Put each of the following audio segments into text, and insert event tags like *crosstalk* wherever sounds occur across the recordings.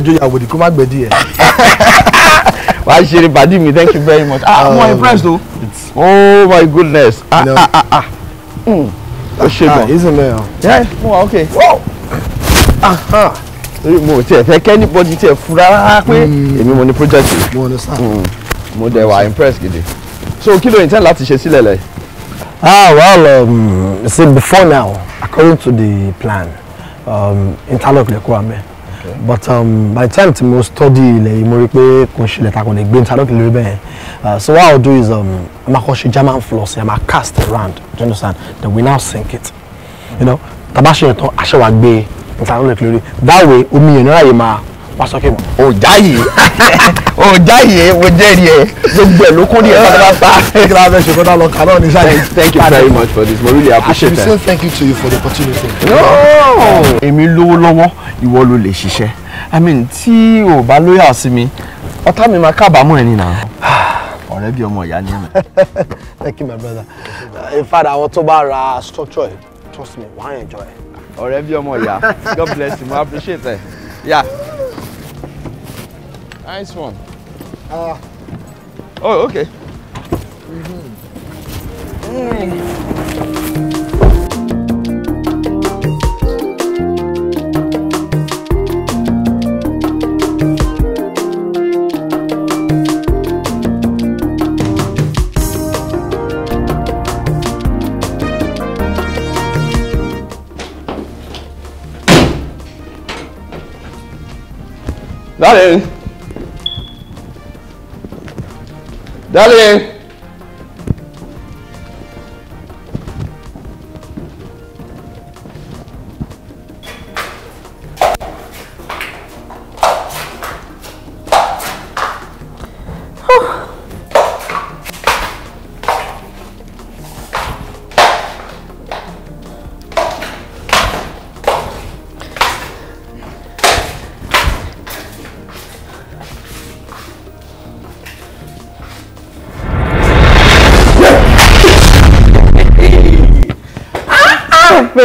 ọjọ́ ìyàwó ni kó má gbẹ̀dí ẹ̀. *laughs* wà á ṣeré pàdé mi thank you very much. ah mo um, impressed o. oh my goodness. ah ah ah ah. o hmm. ṣe gan. ah isn't there. yeah mo wa okay. mo tiẹ̀ fẹ́ kẹ́ anybody tiẹ̀ fura pé hmm. èmi mo ní project yìí hmm. mo dẹ̀ wà impressed gidi so kí ló intend láti ṣe sílẹ̀ lẹ̀. ah well um, see before now according to the plan um, interlock lè kó wa but um, by the time tí mo study ilẹ̀ yìí mo rí pé kò ṣẹlẹ̀ takò lè gbé ní tàdókè lórí bẹ́ẹ̀ uh, so what i will do is um, ma kọ́ ṣe german floss yẹn ma cast around do you understand then we now sink it you know tàbá ṣe yẹn tán aṣẹ́ wa gbé ní e, tàdókè lórí that way omi yẹn náírà yìí máa wá sókè mọ́. ò jáyè ò jáyè mo jẹ́rìí ẹ gbogbo ẹ̀ ló kún ní ẹ̀ pátápátá. kí ló fẹ́ ṣe kọ́ńtà lọ kàlọ́ ní sáyẹn. thank you very much for this mo really appreciate it. I should say thank you to you for the opportunity. èmi lówó lọ́wọ́ ìwọ ló lè ṣiṣẹ́ i mean tí o bá lóyà sí mi ọ̀tá mi máa kábàámọ̀ ẹni náà *sighs* ọ̀rẹ́ bí ọmọ ìyá ni ẹ̀. *laughs* thank you my brother uh, in fact àwọn tó bá ra structure yìí trust me wàá enjoy. ọ̀rẹ́ bí ọmọ ìyá god bless you mo appreciate it yeah nice one. Uh, oh okay. Mm-hmm. mm. Dale. Dale.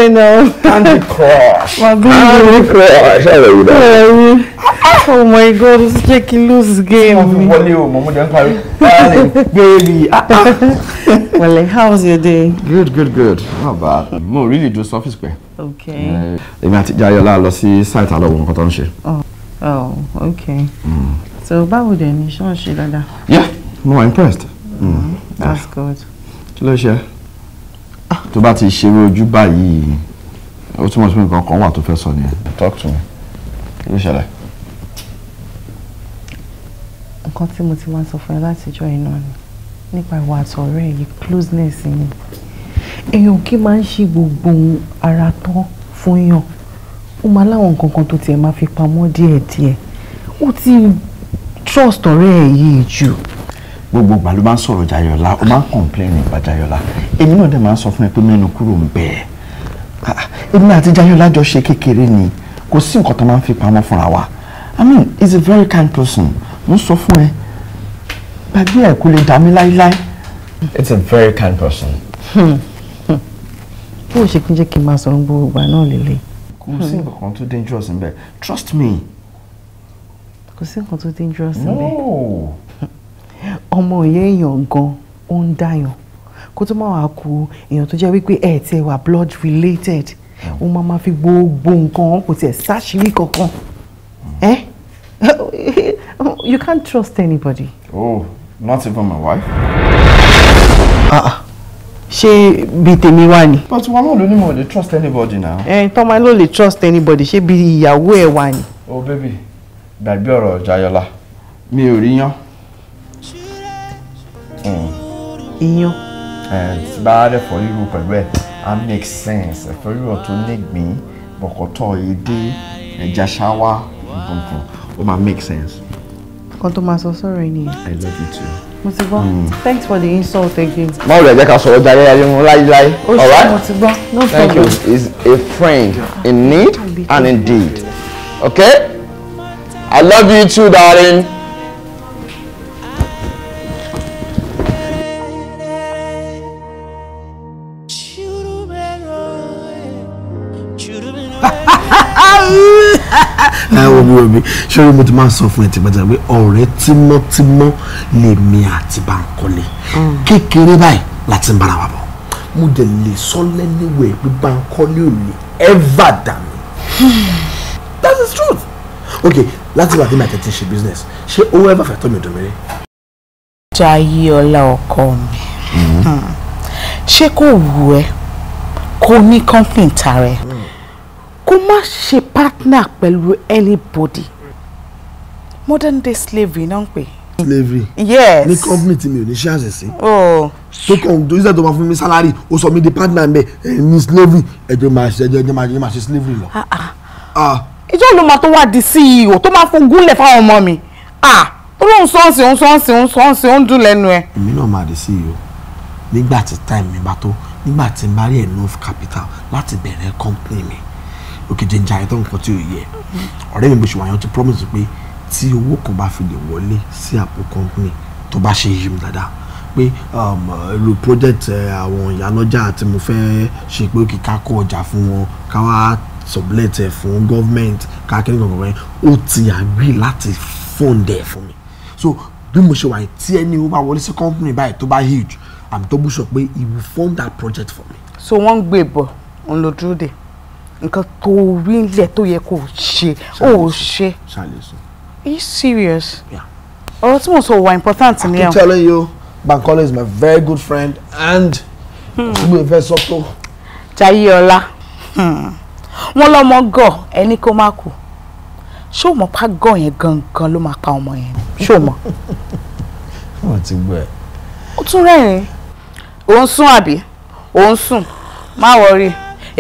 I know. *laughs* Candy Crush. My baby. Candy Crush. Hello, you Oh my God, this is taking loose game. Wọlé o, mọ̀mú dẹ̀ ń baby. Ah, ah. Wale, how was your day? Good, good, good. Not bad. No, really do surface square. Okay. Èmi àti Jayọ̀lá lọ sí site àlọ́wọ̀ nǹkan tó ń ṣe. Oh, oh, okay. Mm. So báwo dẹ̀ ni ṣọ́ọ̀ṣì dáadáa? Yeah, no, I'm impressed. Mm. Mm-hmm. That's yeah. good. Kí ló tó bá ti ṣeré ojú báyìí ó túmọ̀ sí nǹkan kan wà tó fẹ́ sọ nìyẹn. talk to me kí ló ṣẹlẹ̀. nǹkan tí mo ti wá sọ fún ẹ látijọ́ iná ni nípa ìwà àtọ̀rẹ́ yìí closeness yìí èèyàn kí máa ń ṣe gbogbo ara tán fún yàn ó máa láwọn nǹkan kan tó tiẹ̀ máa fi pamọ́ díẹ̀díẹ̀ ó ti trust ọ̀rẹ́ ẹ̀ yìí jù gbogbo ìgbà ló máa ń sọ̀rọ̀ Jayọ̀lá ó máa ń kọ̀ǹpléènì ìgbà Jayọ̀lá èmi náà dẹ̀ máa ń sọ fún ẹ pé mẹ́nu kúrò ń bẹ̀ ẹ́ ah, èmi àti Jayọ̀lá jọ ṣe kékeré ni kò sí nǹkan tó máa ń fi pamọ́ fúnra wa I mean he's a very kind person mo sọ fún ẹ gbàgbé ẹ kò lè dá mi láíláí. it's a very kind person. Hmm, hmm. bó o ṣe kí n jẹ́ kí n máa sọ̀rọ̀ gbogbo ìgbà náà lélẹ̀. kò sí hmm. nǹkan tó dangerous ń trust me. kò sí nǹkan tó dangerous ń no ọmọ yẹn èèyàn gan ó ń dàyàn kó tó máa wà kú èèyàn tó jẹ́ wípé ẹ̀ tẹ́ wà blood related hmm. ó máa ma fi gbogbo nǹkan kò tiẹ̀ sáṣìírí kankan ẹ́ hmm. eh? *laughs* you can't trust anybody. oh not even my wife. Ah, ah. ṣé bí tèmi wà ni. but wọn náà ló ní mo lè trust anybody now. ẹ eh, tọ́mọ ló lè trust anybody ṣé bí ìyàwó ẹ̀ wà ni. oh baby gbàgbé ọ̀rọ̀ Jayọ̀lá mi ò rí yán Mm. iyán. tí bá rẹ̀ fọ́ ríro pẹ̀lú ẹ̀ á make sense ẹ̀fọ́ ríro tó nígbín bọ̀kọ̀tọ̀ èdè ẹja ṣáwá nǹkan ó máa make sense. nǹkan tó máa sọ sọ̀rọ̀ yìí nìyẹn. I love you too. mo ti gbọ́ mm. thanks for the insult again. má rẹ̀ jẹ́ ká sọ̀rọ̀ jáde ayé wọn láíláí. ó ṣe mo ti gbọ́ no problem. thank you is a friend in need and in deed okay I love you too darling. mi ṣé mo ti máa sọ fún ẹ tipẹ́tipẹ́ pé ọ̀rẹ́ tímọ́tímọ́ lèmi àti Bánkọ́lé mm. kékeré báyìí láti ń bára wa bọ̀ mo dẹ̀ lè sọ lẹ́niwẹ̀ pé Bánkọ́lé ò lè ever dà mí *sighs* that is truth ok láti wà kí màá tètè ṣe business ṣé owó ẹ bá fẹ́ tọ́ mi dùn mí rí. Jayé ọlá ọkọ mi mm-hmm. hmm. ṣé kò wù ẹ́ kó ní company tààrẹ. Mm -hmm kó má ṣe partner pẹ̀lú anybody modern day slavery náà ń pè. slavery yes ní company tí mi ò ní ṣe àṣẹ sí. Oh. tó kàn tó ṣe tó máa fún mi salary ó sọ mi di partner mbẹ ní slavery ẹjọ máa ṣe ẹjọ máa ṣe máa ṣe slavery lọ. Ah, ah. Ah. ìjọ ló máa tó wá di CEO tó máa fún gúnlẹ̀ fáwọn ọmọ mi ó lóun sọ́ọ̀sì òun sọ́ọ̀sì òun sọ́ọ̀sì òun dùn lẹ́nu ẹ̀. èmi náà máa di CEO nígbà tí time mi bá tó nígbà tí n bá rí enough capital láti bẹ̀rẹ̀ company mi òkè jẹnjà ayẹtọ nǹkan tí ò yẹ ọ̀rẹ́ mi bó ṣe wà yẹn ti promise pé tí owó kan bá fi lè wọlé sí àpò company tó bá ṣe yìí dáadáa pé lu um, project àwọn ìyálọ́jà tí mo fẹ́ ṣe pé kí ká kó ọjà fún wọn ká wá sublet fún government ká kí ní kankan rẹ ó ti agree láti fund ẹ fún mi so bí mo ṣe wà yìí tí ẹni ó bá wọlé sí company báyìí tó bá huge I'm double sure pé he will fund that project for me. so wọ́n ń gbé bọ̀ òun ló dé nǹkan tó rí nílẹ̀ tó yẹ kó ṣe ó ṣe. are you serious? ọ̀rọ̀ tí mo sọ wà important ni. I I'm telling you Bankole is my very good friend and ṣùgbọ́n ìfẹ́ sọ́tò. Jaiye Ọlá wọ́n lọ́mọ gọ̀ ẹni kó má kú ṣé o mọ̀ pa gọ̀ yẹn gangan ló máa pa ọmọ yẹn ṣé o mọ̀. *laughs* wọ́n ti gbọ́ ẹ̀. ó tún rẹ́rìn-ín òun sùn àbí òun sùn má wọrí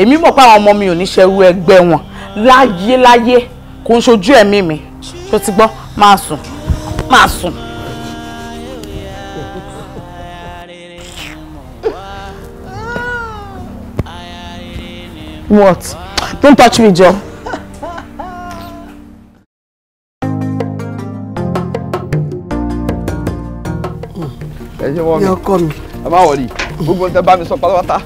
èmi mọ̀ pé ọmọ mi ò ní ṣerú ẹgbẹ́ wọn láyé kò ń ṣojú ẹ̀mí mi tó ti gbọ́ máa sùn máa sùn. What? Don't touch me, Joe. ẹ jẹ́ wọ́n mi. ẹ má wọlé gbogbo tẹ bá mi sọ pátápátá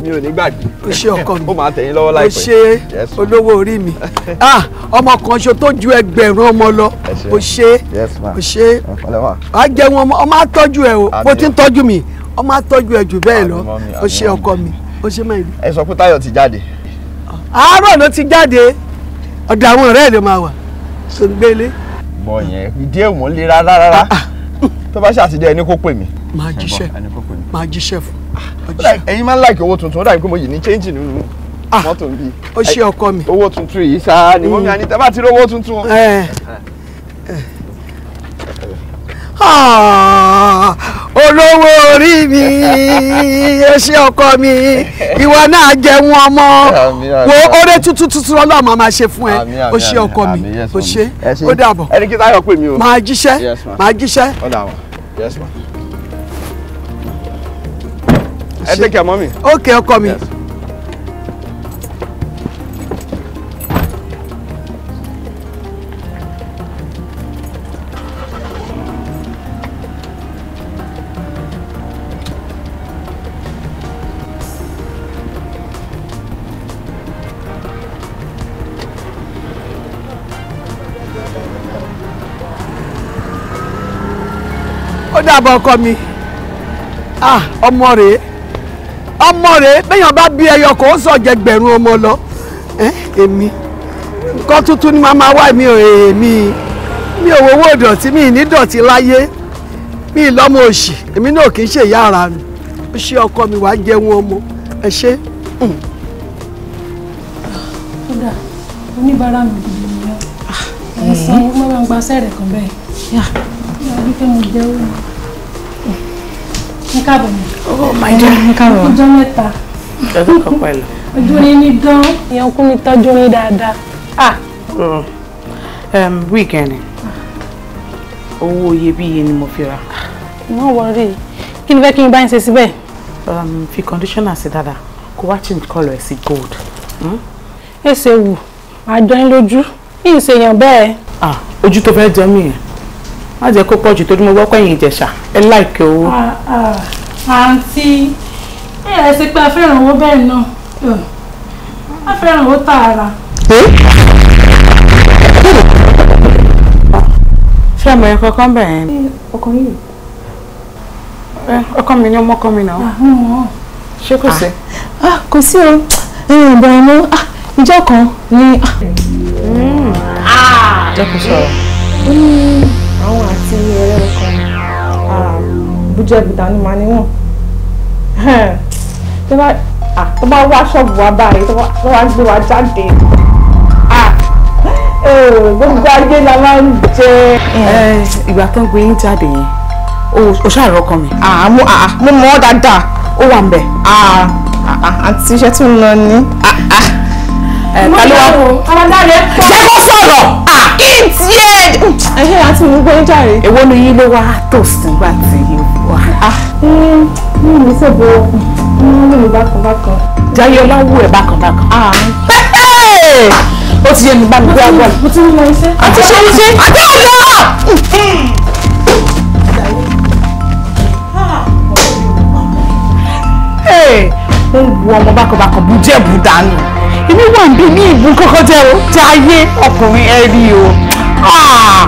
mi ò ní gbàgbé. o ṣe ọkọ mi ó máa tẹ̀yìn lọ́wọ́ láìpẹ́. o ṣe olówó orí mi *laughs* ah ọmọ kan ṣo tó ju ẹgbẹ̀rún ọmọ lọ o ṣe o ṣe a jẹun ọmọ ọmọ àtọ́jú ẹ o bó ti ń tọ́jú mi ọmọ àtọ́jú ẹ jù bẹ́ẹ̀ lọ o ṣe ọkọ mi o ṣe máa ń. ẹ sọ pé Táyọ̀ ti jáde. àárọ̀ ló ti jáde ọ̀dọ̀ àwọn ọ̀rẹ́ ẹ̀ ló máa wà sọ̀gbẹ́lé. bọ̀ yẹn ìdí èèmọ̀ lè rárá rárá ah, ah. tó bá ṣàtidé ẹni kó pè mí. máa jíṣẹ́ máa jíṣẹ́ fún ẹ̀yin máa ń láìkì owó tuntun ó dàbí pé mo yìí ní change nínú ah, mọ́tò ń bí. ó ṣe ọkọ mi. owó tuntun yìí sáá ni wọ́n mi à ní tẹ́bá ti rí owó tuntun. Ah, olówó orí mi ó ṣe ọkọ mi ìwọ náà jẹun ọmọ wo oore tuntun tuntun ọlọ́mọ máa ṣe fún ẹ ó ṣe ọkọ mi ó ṣe ó dàbọ̀ máa jíṣẹ́ máa jíṣẹ́. yes ma ẹ take care mọ́mì. ok ọkọ mi. ó dàbọ̀ ọkọ mi ah ọmọ rèé ọmọ rẹ̀ bẹ́yàn bá bí ẹyọ kò ó sọ jẹgbẹ̀rún ọmọ lọ èmi nǹkan tuntun ni màá máa wá mi ò èmi mi ò wọ́wọ́ ìdọ̀tí mi ní ìdọ̀tí láyé mi lọ́mọ òṣì èmi náà kì í ṣe ìyá ara mi ó ṣe ọkọ mi wàá jẹun ọmọ ẹ ṣe. Hmm. kódà oníbàárà mi gidi ni ẹ ah, ẹ sọ wọn eh. bá ń gba sẹ́ẹ̀rẹ̀ kan bẹ́ẹ̀ yà á rí pé mo jẹ́ òun ní káàbọ̀ mi. oh my dear ní káàbọ̀. ọjọ́ mẹ́ta. ọjọ́ kan pẹ̀lú. ojú ni ní gan. ìyẹn kún mi tọ́jú mi dáadáa. ah. wíìgẹ̀nì owó iyebíye ni mo fi ra. má wọrí kí ni fẹ́ kí n bá ń ṣe síbẹ̀. fi conditioner sí dáadáa kó wá change colour ẹ̀ sí gold. èsè wù àjọyín lójú ìṣèyàn bẹ́ẹ̀. ojú tó fẹ́ jẹ́ mi yẹn má jẹ́ kó pọ̀ jù torí mo gbọ́ pẹ̀yìn ìjẹ̀ṣà ẹ láìkẹ́ owó. Ah, ah, àǹtí ẹ ẹ ṣe pé a fẹ́ràn owó bẹ́ẹ̀ náà a fẹ́ràn owó tààrà. ṣé àmọ̀ ẹ̀ kankan bẹ̀ ẹ́. ọkọ yìí. ọkọ mi ni ọmọ ọkọ mi náà. Ah, ṣé kò sí. kò sí o ìbẹ̀rẹ̀ mú ìjọ kan ni. Hmm. jẹ́ kó sọ̀rọ̀. jẹ́ gbìdá ni màá níwọ̀n tó bá wá ṣọ́ọ̀bù wa báyìí tó bá gbé wa jáde gbogbo ayé la máa ń jẹ. ìgbà tó ń gbé yín jáde yẹn o ṣàrọ̀ ọkàn mi. mo mọ̀ ọ́ dáadáa ó wà ń bẹ̀. àǹtí iṣẹ́ tí mo lọ ní. ta ló wá. ọmọ dáre. ṣé kó sọ̀rọ̀ idiot. Mm. ẹyẹ àti mi gbọ́ jàre. èwo ni yín ló wá toast nígbà tí yín wá. Ah, mm, mm, mi ò sọ bọ mi ò bákan bákan. jayé ọláwó ẹ bákan bákan. Ah. ó ti yé mi bá mi gbé agbọ́n. mo ti ń lọ iṣẹ́. àti ṣe iṣẹ́. àti ò lọ. ó ń wu ọmọ bákan bákan bùjẹ́ bùdánù èmi wà ń bí ní ìbùn kọ́kọ́ jẹ́ o Jaiye ọkùnrin ẹ rí o ah!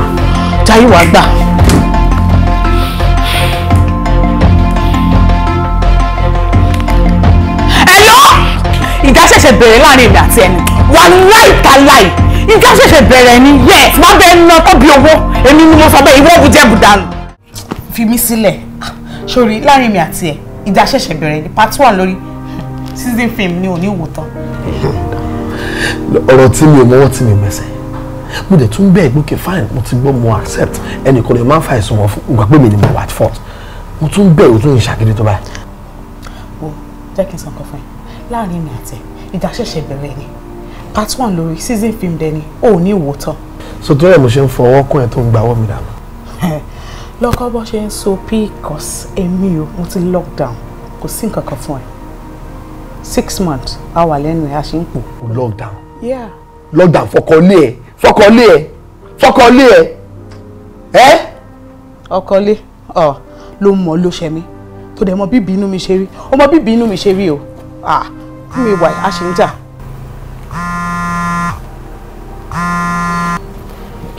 Jaiye wà gbà. ẹ̀lọ́ ìjà ṣẹ̀ṣẹ̀ bẹ̀rẹ̀ láàrin èmi àti ẹni wà láì ta láì ìjà ṣẹ̀ṣẹ̀ bẹ̀rẹ̀ ni yes má bẹ́ẹ̀ ná tó bí owó èmi ni mo sọ bẹ́ẹ̀ ìwọ òwú jẹ́ bùdánù. fi mí sílẹ̀ sórí láàrin èmi àti ẹ̀ ìjà ṣẹ̀ṣẹ̀ bẹ̀rẹ̀ ni part one lórí season film ni ò wò tán ọ̀rọ̀ tí mi ò mọ́wọ́ tí mi mẹ́sẹ̀ mo dẹ̀ tún bẹ́ẹ̀ gbókè fine mo ti gbọ́ mo accept ẹnì kan lè má fa ẹ̀sùn wọn fún ìgbà mi ni mo wà at fault mo tún bẹ́ẹ̀ o tún ń ṣàgídí tó báyìí. wo jẹ́ kí n sọ nǹkan láàrin mi àtẹ ìdáṣẹ̀ṣẹ̀ bẹ̀rẹ̀ ni part one lórí season film dẹni ò ní ìwòtọ́. so tó yẹ mo ṣe ń fọwọ́ kún ẹ tó ń gbàwọ́ mi dànù. *laughs* lọ́kọ́ bó ṣe ń so pcos èmi o mo ti lockdown kò sí nǹkan kan fún ẹ six months a wà lẹ́nu ẹ̀ a ṣe ń pò. lockdown lọ́dà fọkànlé ẹ̀ fọkànlé ẹ̀ fọkànlé ẹ̀ ẹ́. ọkọlé ọ ló mọ ló ṣe mí tó dẹ̀ mọ bíbí inú mi ṣe rí ó mọ bíbí inú mi ṣe rí o fún mi wà á ṣe ń jà.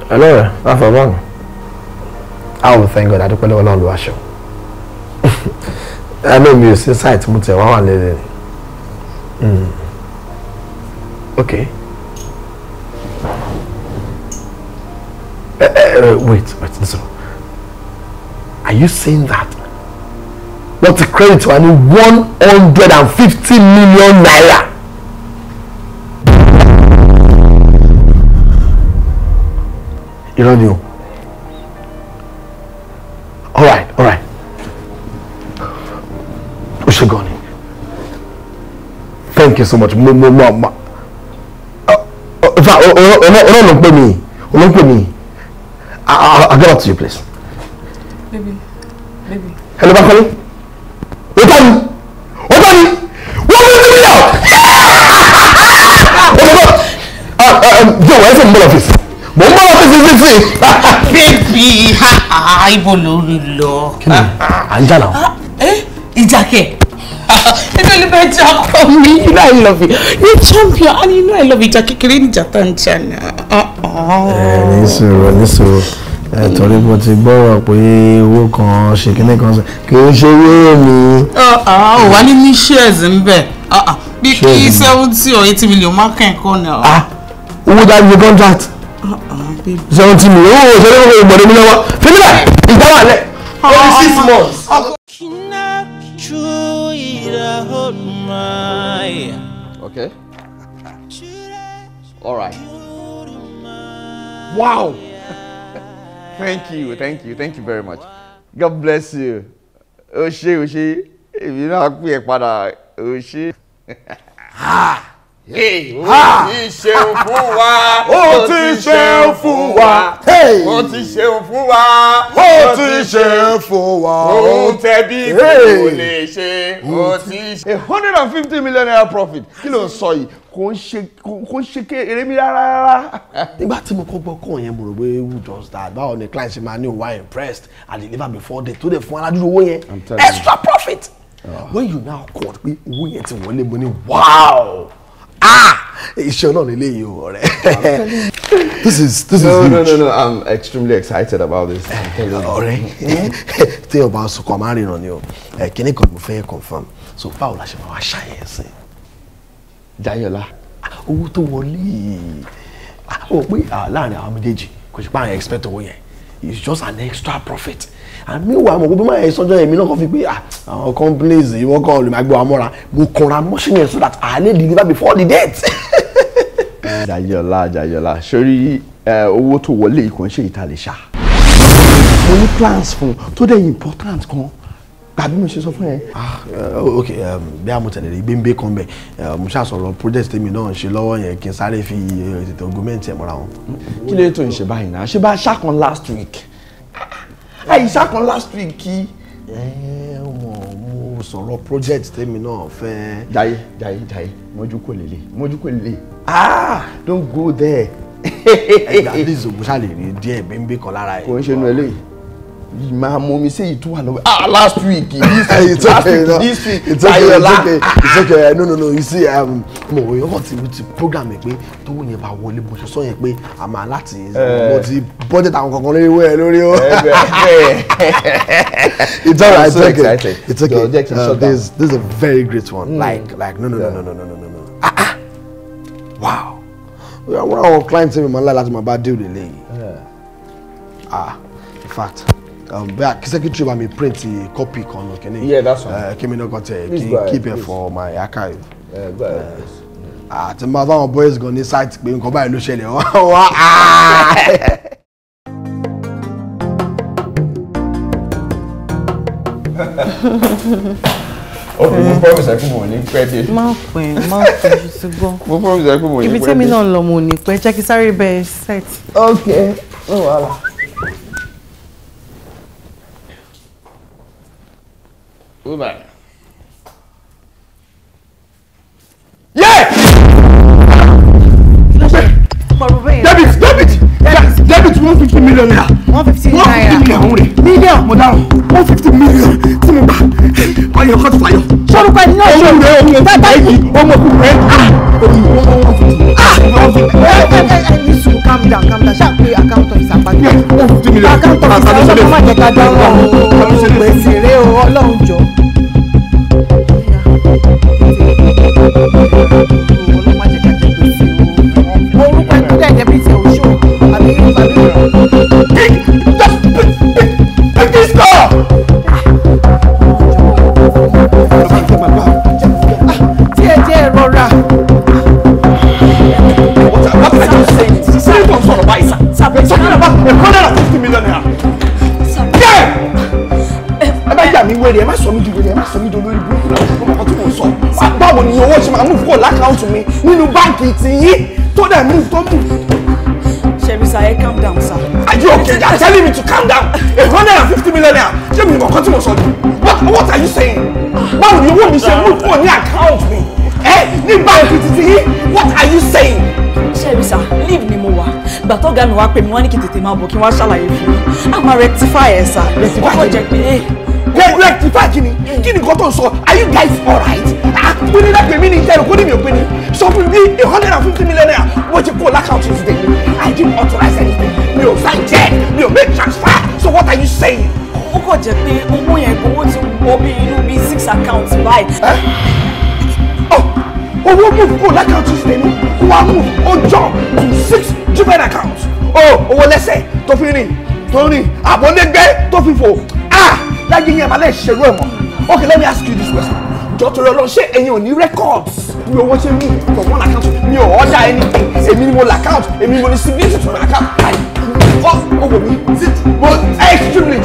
hello afa báwo how we thank God adúpẹ́ lọ́wọ́ lọ́wọ́ lọ́wọ́ aṣọ ẹnu mi ò sí site mo tẹ̀ wá wà lẹ́lẹ́ hmm. ok. Uh, uh, wait, wait, listen. Are you saying that? What the credit to ní one hundred and fifty million naira. Irọ́ ni o. all right. O ṣe gan ni. Thank you so much. Mo mo mo ma. Ọ̀nà ló ń pè mí. Ló ń pè mí. I'll, ah, I'll ah, ah, get up to you, please. Baby, baby. Hello, Bakoni. Obani! Obani! What are you do now? *laughs* oh my God! Uh, uh, um, Joe, where's the mobile office? Mobile office is busy. *laughs* Baby, ibo lórí lọ. Kí ni? À ń jà náà. *laughs* Ẹ ìjà kẹ̀. Ẹgbẹ́ ló bẹ jà kọ́ mi. You know I love you. You champion and you know I love you. Jackie, can you ìjà tá ń jà náà. Ẹ eh, ní sùúrù, ní torí mo ti gbọ́rọ̀ pé owó kan ṣe kíní kan kì í ṣe owó mi. ọ̀ wá ní shares ń bẹ̀ bí kí seventy or eighty million má kẹ́kọ̀ọ́ ni. Ah, owó dájú ní contract seventy million owó ìṣẹ́lẹ̀ owó ìgbọ̀dọ̀ mi lọ́wọ́ fílẹ̀ ìdáwà lẹ̀ six months. Okay. All right. Wow thank you thank you thank you very much god bless you o ṣe o ṣe èmi náà pè é padà o ṣe. ó ti ṣeun fún wa ó ti ṣeun fún wa ó ti ṣeun fún wa ó ti ṣeun fún wa òun tẹbi kò lè ṣe ó ti ṣe. a hundred and fifty million naira profit kí ló ń sọ yìí kò ń ṣe kò ń ṣe eré mi rárá rárá. nígbà tí mo kọ́ gbọ́ kọ́ yẹn mo rò pé who does that báwo ni client ṣe máa ní òwá impressed and deliver before day tó dẹ̀ fún aládùúgbò owó yẹn extra profit oh. when you now call pé owó yẹn ti wọlé mo ní wow ah iṣẹ́ náà nílé yìí o ọ̀rẹ́. this is this no, is huge. no no no i'm extremely excited about this. ọ̀rẹ́ eh, tí ọba sọkọ máa ń rìnrìn ni o eh, kínní kan mo fẹ́ confirm so báwo la ṣe máa wá ṣàyẹ̀sìn. Jayọ̀lá owó tó wọlé yìí ó ah, pé ah, láàrin àwọn méjèèjì kò sí pa àwọn expect owó yẹn it's just an extra profit and meanwhile mo gbé máa ẹ sọjọ èmi náà kàn fi pé ah, àwọn companies ìwọ kan olùmọ̀gbọ́ amọ́ra mo kanra mọ́ṣínì ẹ̀ so that I lè deliver before the date. Jayọ̀lá *laughs* Jayọ̀lá sórí owó tó wọlé yìí kò ń ṣe ìta lè ṣá. mo ní plans fún tó dẹ̀ important kan àbí mo ṣe sọ fún ẹ. Ah, eh, ok eh, bí a mo tẹ̀lé rí gbéńgbé kan bẹ̀ eh, mo ṣàṣọ̀rọ̀ project tèmi náà ṣe lọ́wọ́ yẹn kí n sáré fi ètò gọ́ọ̀mẹ̀ntì ẹ̀ mọ́ra wọn. kí ló tó ń ṣe báyìí náà ṣé bá a ṣàkàn last week. àyè ṣàkàn last week kí. ẹ mọ mo sọ̀rọ̀ project tèmi náà fẹ́. jaiye jaiye jaiye mọ́jú kò lè lè mọ́jú kò lè lè ah don't go there. ẹ gbà please mo ṣàlè rí díẹ̀ gbéńgbé kan lára ẹ̀. kò ń ṣe nu eléyìí máa mú mi sẹ́yìn tó wà lọ́wọ́ ah last week this week *laughs* last week this week it's okay Ayala. it's it's okay no no no you see um, mo wọ yọkọ ti ti program yẹn pé tó wù yẹn bá wọlé bó ṣe sọ yẹn pé a máa láti eh. mo ti budget àwọn kankan lórí wẹ́ẹ̀ lórí o eh, eh, *laughs* it's alright it's okay it's okay uh, this this is a very great one mm. like like no no no no no no no no ah ah wow àwọn àwọn clients mi máa ń láyé láti máa bá deal lè léyìí ah in fact um, back secretary ma mi print the copy kan na kini yeah that's right uh, kí mi náà kọ tẹ kí keep it for my archive uh, uh, àti máa báwọn boys gan ní site pé nǹkan báyìí ló ṣẹlẹ̀ wọ́n wá ah! ok mo promise ẹ pé mo ní pẹ́ dé. má pẹ́ má pẹ́ ju ti gbọ́. *laughs* mo promise ẹ pé mo ní pẹ́ dé. ibi tẹ́mi náà lọ mo ní pẹ́ jẹ́ kí sáré bẹ́ẹ̀ set. ok no wàhálà. Woman. Yeah! Debit! Debit! Debit! one fifty million naira. one fifty naira. one fifty million rẹ̀. million. mo dáhùn one fifty million tí mo gbà ọyọ kọ́ ti fàyọ. sọ́rùkọ ẹni náà ṣe òun rẹ̀ òun rẹ̀ báyìí ọmọkùnrin rẹ̀ ah! ah! calm down calm down ṣáà pé àkáǹtọ̀ ìsàpàdé àkáǹtọ̀ ìsàpàdé ọlọ́run má jẹ́ ká dánwò ọ̀hún ọ̀hún gbèsè rẹ̀ ọlọ́run jọ. a hundred and fifty million naira. Eh, ẹ bá eh. yà mí wẹ̀rẹ̀ ẹ má sọ mí di wẹ̀rẹ̀ ẹ má sọ mí di olórí burúkú náà ṣùgbọ́n ọkọ tí mo sọ báwo ni owó ṣe máa mú kúrò lákàntù mi nínú báǹkì tìyín tó dẹ̀ mú tó mú. ṣebí sir calm down sir. are you okay you are telling me to calm down a hundred and fifty million naira ṣé mi nìkan tí mo sọ what what are you saying báwo ni owó mi ṣe mú kúrò ní àkáǹtù mi ẹ eh, ní báǹkì tìyín what are you saying. ṣebí sir leave me wá ìgbà tó ga mi wá pè mí wọ́n ní kí tètè máa bọ̀ kí wọ́n ṣàlàyé fún mi a máa rectify ẹ̀ sà ọkọ̀ jẹ́ pé. Eh. rectify kini. Kini kí ni nǹkan tó ń sọ are you guys alright àpínlẹ̀ ah, náà pèmí ní ìjẹ́rù kó ní mi ò pé ní sọ fún a hundred and fifty million naira wọ́n ti kó lákàtúntì ti tèmi I didn't authorize anything mi ò sign check mi ò make transfer so what are you saying. ó kàn jẹ́ pé owó yẹn owó ti wọ bí inú bíi six accounts báyìí oh, owó move kó lákàtúntì tèmi wàá move ó jump to six two bank account oh owó lẹ́sẹ̀ tó fi rìn tó rìn àbọ̀lẹ́gbẹ́ tó fi fò ah láyé yẹn màá lè ṣerú ẹ̀ mọ́ okay let me ask you this question jọtọrọ lọ ṣé ẹ̀yin ò ní records mi ò wọ́n ṣe mú from one account mi ò order anything èmi ni mo la account èmi ni mo ní signature to my account ayi ọ owó mi ti mo extremely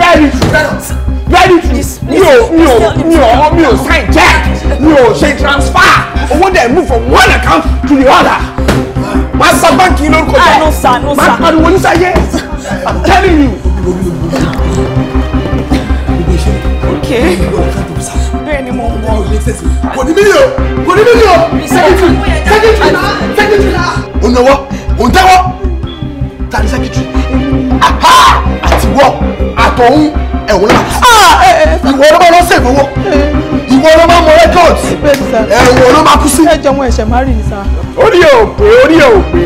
very true very true mi ò mi ò mi ò mi ò sign check mi ò ṣe transfer owó dẹ̀ move from one account to the other máa gba báńkì lórúkọ jẹ́ ah, máa pariwo nísàyé i'm telling you. ok bẹ́ẹ̀ ni mo kò ní mílíọ̀ kò ní mílíọ̀ sẹ́kítírì sẹ́kítírì sẹ́kítírì. òun náwó òun tẹ́wọ́ tani sẹ́kítírì àtiwọ́ àtọ̀hún ẹ̀wọ̀n náà ah, ah, ìwọ ọlọ́mọ lọ́sẹ̀ ìfowó. Eh ìwọ ló máa mọ record ẹ̀wọ̀n ló máa kú sí. ẹjọ wọn ẹsẹ máa rì ní sá. orí ẹ ò pé orí ẹ ò pé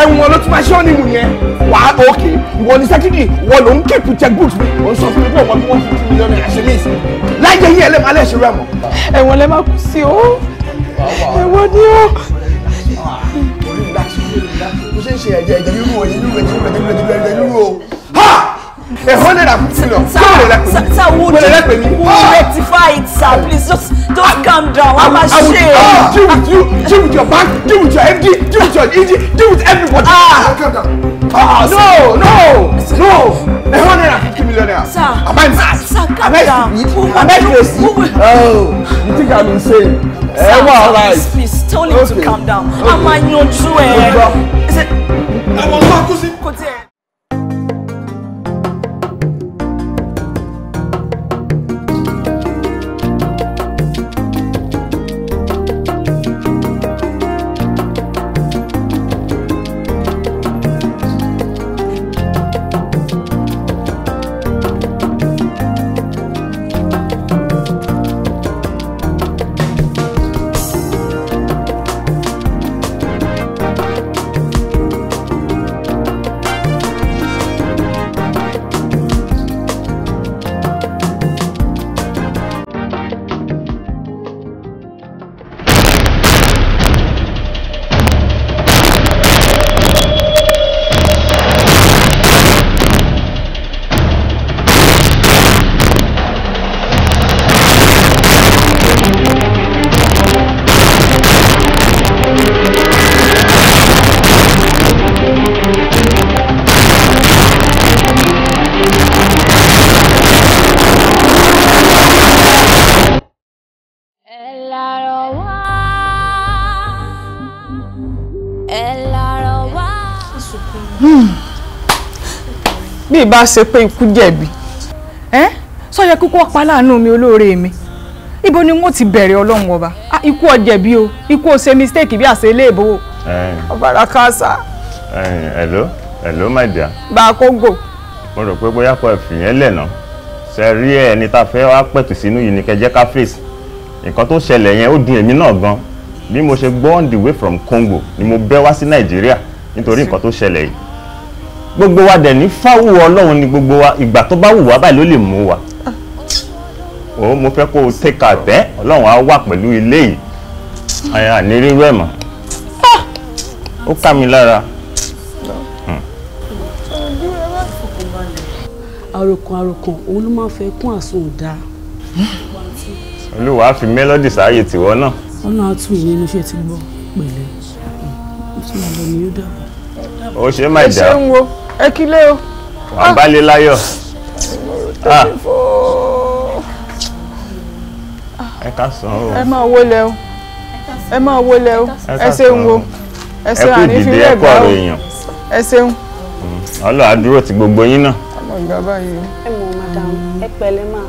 ẹ̀wọ̀n ló tún máa ṣe ọ́ nìmú yẹn wà á òkè ìwọ ní sẹ́kìdì ìwọ ló ń kéèpù check books mi ò ń sọ fún mi pé ọmọ bí wọ́n fi two million naira ṣe mí ìsìn láyé yín ẹlẹ́mọ̀ alẹ́ ṣe rẹ̀ mọ́. ẹ̀wọ̀n lẹ máa kú sí o ẹ̀wọ̀n ni o. mo ṣe ń ṣe ẹ̀jẹ̀ ẹ̀jẹ̀ rírú o ẹ̀jẹ̀ rírú ẹ̀jẹ̀ rírú ẹ̀jẹ̀ rírú o a hundred and fifty million. Sir, wọ́n lè rẹ pè mí wọ́n lè rẹ pè ah! rectify it sir please just just ah! calm down wàá ma ṣe. deal with you deal with your bank deal with your md deal with your ed deal with everybody. ah ah, ah! no no no a hundred and fifty million naira. sir am I mad am I stupid am I crazy oh you think I'm insane. Sir, eh, wà alright. please please tell him to calm down a máa yanjú ẹ. àwọn ọmọ akúsí. kò tiẹ̀. bá ṣe pé ikú jẹ̀bi ẹ́ sọ yẹ kúkú ọ̀pá láàánú mi olóore mi ibo ni wọ́n ti bẹ̀rẹ̀ ọlọ́run ọba ikú ọ̀jẹ̀bi o ikú o ṣe mistake bí àṣẹ ilé ìbò ọ̀bàrà kásá. hello hello my dear. bá a kóńgò. mo rò pé bóyá kò fìyẹn lẹ̀ náà ṣe rí ẹni tá a fẹ́ wá pẹ̀tù sínú yìí ni kẹjẹ́ ká fèsì nǹkan tó ṣẹlẹ̀ yẹn ó dùn èmi náà gan bí mo ṣe gbọ́ on the way from Congo ni mo bẹ́ wá sí Nàìjíríà nítorí nǹkan tó ṣẹlẹ̀ yìí gbogbo wa dẹ̀ ní fáwù ọlọ́run ni gbogbo wa ìgbà tó bá wù wá báyìí ló lè mú wa o ah. mo fẹ́ kó o tẹ́ka tẹ́ ọlọ́run á wà pẹ̀lú ilé yìí àyà ní rírú ẹ̀ mọ́ ah. ó kà mí lára. Hmm. àròkàn àròkàn òun ló máa ń fẹ́ kún àsun ọ̀dà. olúwa fi mélòdì sáàyè tìwọ náà. ọ̀nà àtún yìí nínú iṣẹ́ ti gbọ́ pẹ̀lẹ́ hmm. ó ṣe máa dà. ó ṣe máa dà. ẹ ṣeun o ẹ kí lé o. àbálẹ̀ láyọ̀. Ah. Ah. Ah. ẹ ká sàn o. ẹ máa wọlé o ẹ máa wọlé o ẹ ṣeun o ẹ ṣeun àní fi rẹ̀ gbà o ẹ ṣeun. Mm. ọlọ́run àdúró ti gbogbo yín náà. ọmọ ìgbà báyìí. ẹ mọ̀ madam ẹ pẹ̀lẹ́ máa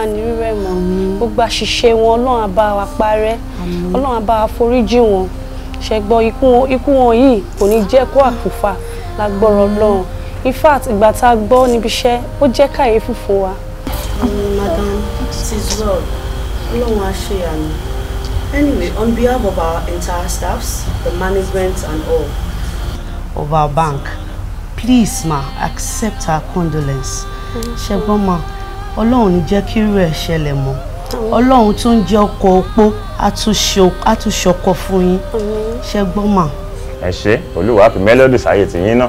a ní rírẹ̀ mọ́ gbogbo àṣìṣe wọn ọlọ́run á bá wa parẹ́ ọlọ́run á wa foríjì wọn ṣẹ̀gbọ́n ikú wọn yìí kò ní jẹ́ kó àkùfà lágbọ́rọ̀ ọlọ́run in fact ìgbà tá a gbọ́ níbi iṣẹ́ ó jẹ́ kàyéfì fún wa. Mm, madam tizor ọlọ́run á ṣe àná anyway on behalf of our entire staffs the management and all of our bank please ma accept our condolence ṣẹgbọn ma ọlọ́run ní jẹ́ kí irú ẹ̀ ṣẹlẹ̀ mọ́ ọlọ́run tó ń jẹ́ ọkọ̀ opó á tún ṣọkọ fún yín ṣẹgbọn ma. ẹ ṣe olúwa fi mélòdì sáyé ti yín náà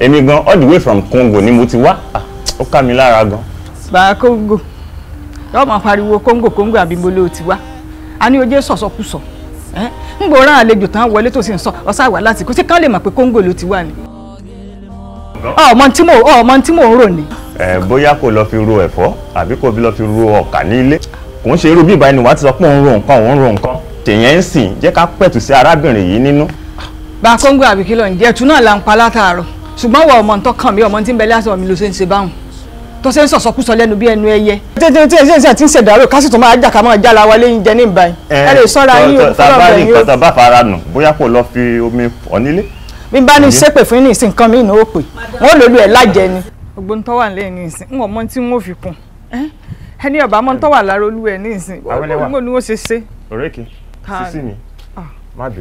èmi gan all the way from Congo ni mo ti wá ah, ó ká mi lára gan. bá a Congo yóò máa pariwo Congo Congo àbí mo ló ti wá a ní ojú sọ̀sọ̀kùsọ̀ ń gbọ́ àlejò tán wọlé tó sì ń sọ ọ̀sá wà láti kó sí kán lè mọ̀ pé Congo ló ti ni. ọmọ tí ọmọ tí mò ń rò ni. bóyá kò lọ fi ro ẹ̀fọ́ àbí kò lọ fi ro ọkà ní bá kóńgò àbí kí ló ń jẹ́ ẹ̀tún náà là ń pa látàárọ̀ ṣùgbọ́n wọ ọmọ nǹkan kan mi ọmọ tí ń bẹ lásán mi ló ṣe ń ṣe báwọn tó ṣe ń sọ̀sọ́kúsọ lẹ́nu bí ẹnu ẹyẹ. tètè tí èsì tí ń ṣèdárò kásì tó máa jà ká máa jára wálé yín jẹ ní ìbáyìí. ẹ lè sọ́ra yín o fọlọ́ bẹ̀rẹ̀ yín o. tàbá fara nù bóyá kò lọ fi omi pọ̀ nílé. bí bá ní sépè fún ní ìsìn kan mi ìnáwó pè wọn ò lòlú ẹ lájẹ ni. ògbóni tó wà lẹ́yìn ní ìsìn wọ́n fi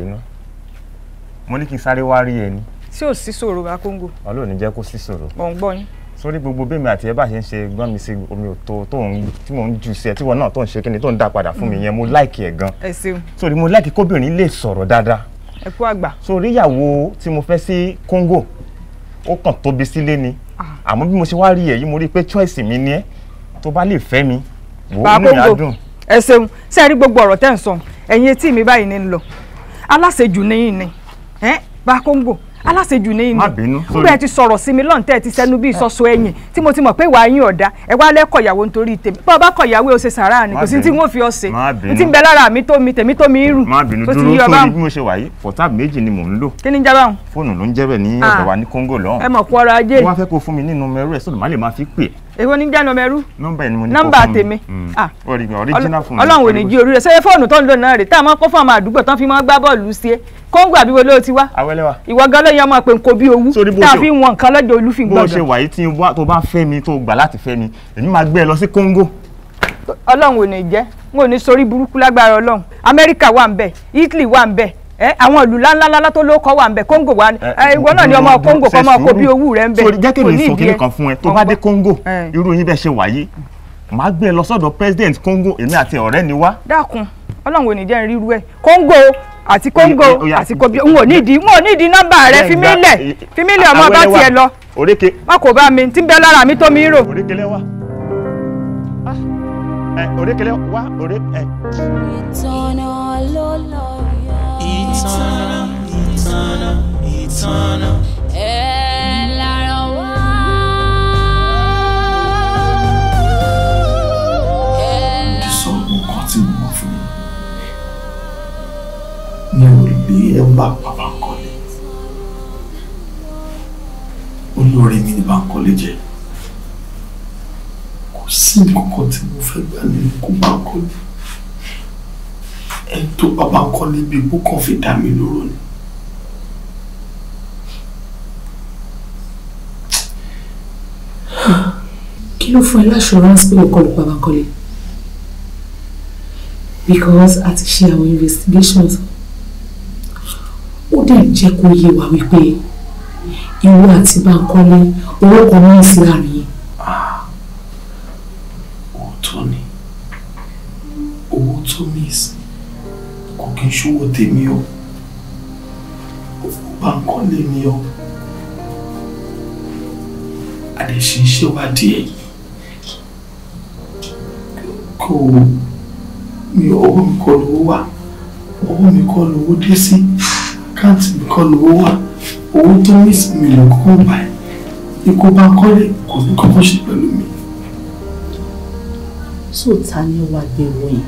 mo ní kí n sáré wá rí ẹ ni. tí ò sí ṣòro akóńgò. ọlọ́run ní jẹ́ kó sí ṣòro. mò ń gbọ́ yín. sórí gbogbo bẹ́ẹ̀mi àti ẹ bá ṣe ń ṣe gbọ́n mi sí omi òtó tó ń tí mò ń jù sí ẹ tí wọn náà tó ń ṣe kíni tó ń dá padà fún mi mm. yẹn mo láìkì ẹ gan. ẹ ṣeun. sórí mo láìkì kóbìnrin lè sọ̀rọ̀ dáadáa. ẹ kú àgbà. sórí ìyàwó tí mo fẹ́ sí kóńgò ó kàn tóbi sílé ni ah. àmọ́ bí mo ṣe wá rí ẹ yìí mo rí i pé choice mi ẹ bá kóńgò aláṣejù ní ìní nígbà ẹ ti sọ̀rọ̀ sí mi lọ́ǹtẹ́ ẹ ti sẹ́nu bí ìsọ́sọ ẹ̀yìn tí mo ti mọ̀ pé ìwà yín ọ̀dá ẹ wá lẹ́kọ̀ọ́ ìyàwó nítorí tèmi bá ọba kọ̀ ìyàwó ẹ ṣe sàrà ni kò sí tí wọ́n fi ọ ṣe ní ti ń bẹ lára mi tó mi tèmi tó mi rù tó ti yí ọba. má bínú dúró sórí bí mo ṣe wà yìí fọ̀tá méjì ni mò ń lò. kí ni jábà ń. fóònù ló ń jẹ́ bẹ́ẹ̀ ní ọ̀dọ̀ ah. wa ní kóńgò lọ́hùn. é èwo ní jẹ́ nọmba ẹrú nọmba ẹni mo ní kó fún mi nọmba tèmi mm. ah. ọlọ́run ò ní jí orí rẹ̀ ṣé fóònù tó ń lò náà rè tá a máa kó fún àwọn àdúgbò tán fi máa gbá bọ́ọ̀lù sí ẹ kóńgò àbí wọlé o ti wá ìwọ gan lóye ọmọ pé n kò bí owú tá a fi wọn nǹkan lọ́jọ́ olúfin gbọ́dọ̀. bó ṣe wàyí tí tó bá fẹ́ mi tó gbà láti fẹ́ mi èmi máa gbé ẹ lọ sí kóńgò. ọlọ́run ò ní jẹ́ n ò ní sorí burúkú lágbára ọlọ́run amẹ́ríkà wà ń bẹ̀ italy wà ń bẹ̀ ẹ eh, àwọn ìlú ńláńláńlá tó ló kọ wà nbẹ Congo wa eh, eh, ìwọ náà ni ọmọ Congo kọ ọmọ kò bí owó rẹ nbẹ kò ní ìdí ẹ. jẹ́ kí mi sọ kíni kan fún ẹ tó bá dé Congo irú yín bẹ́ẹ̀ ṣe wáyé màá gbé ẹ lọ sọ́dọ̀ president Congo èmi àti ọ̀rẹ́ ni wá. dákun Ọlọ́run ò ní jẹ́ ríru ẹ Congo àti Congo àti kobi n ò ní ìdí n ò ní ìdí nọ́mbà rẹ fi mí lẹ̀ fi mí lẹ̀ ọmọ bá tiẹ̀ lọ má bá mi tí ń bẹ lára mi tó mi rò. Ah, ìtọ́nà ló lọ ìtànà ìtànà ìtànà. mi ò lè ẹ bá bàbá kọ́lé olórí mi ni bá kọ́lé jẹ kò sí nǹkan kan tí mo fẹ́ gbà ní kó bá kọ́lé ẹni tó bàbá ń kọ́ níbi ìbú kan fi dá mi lóró ni. kí ló fún ẹ láṣọránsì pé o kọlù bàbá because a ti ṣe àwọn investigations ó dẹ̀ jẹ́ kó yé wa wípé ìwọ àti Bánkọ́lé owó kan ní ìsìn láàrin yìí. òótọ́ ni owó tó mí kì í ṣòwò tèmi o báńkọ́ lè mi o àdèṣe ṣèwádìí ẹ̀ kò mi ọwọ́ mi kọ́ lówó wà ọwọ́ mi kọ́ lówó dé sí àkáǹtì mi kọ́ lówó wà owó tó ní ìsinmi lọ kó wà ikú bá kọ́lé kò ní kọ́kọ́ ṣe pẹ̀lú mi. so ta ni wàá gbé wọ̀nyí.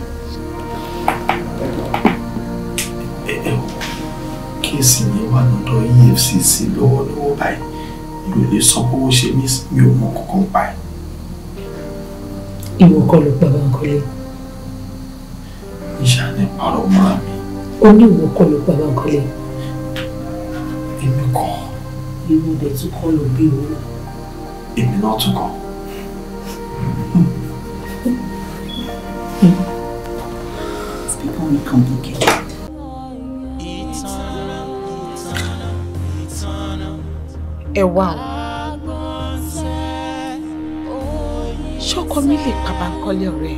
kéèsì yẹn wà lọ́dọ̀ EFCC lọ́wọ́lọ́wọ́ báyìí mi ò lè sọ bó ṣe ní mi ò mọ kankan pa ẹ̀. ìwọ kọ́ ló pa Bankole. ìṣàlẹ̀ parọ́ mọ́ra mi. ó ní ìwọ kọ́ ló pa Bankole. èmi kọ́. ìwọ dẹ̀ tún kọ́ ló bí òun. èmi náà tún kọ́. It's becoming complicated. ẹ̀wà o ṣọ́kọ mi lè pa Bánkọ́lé ọ̀rẹ́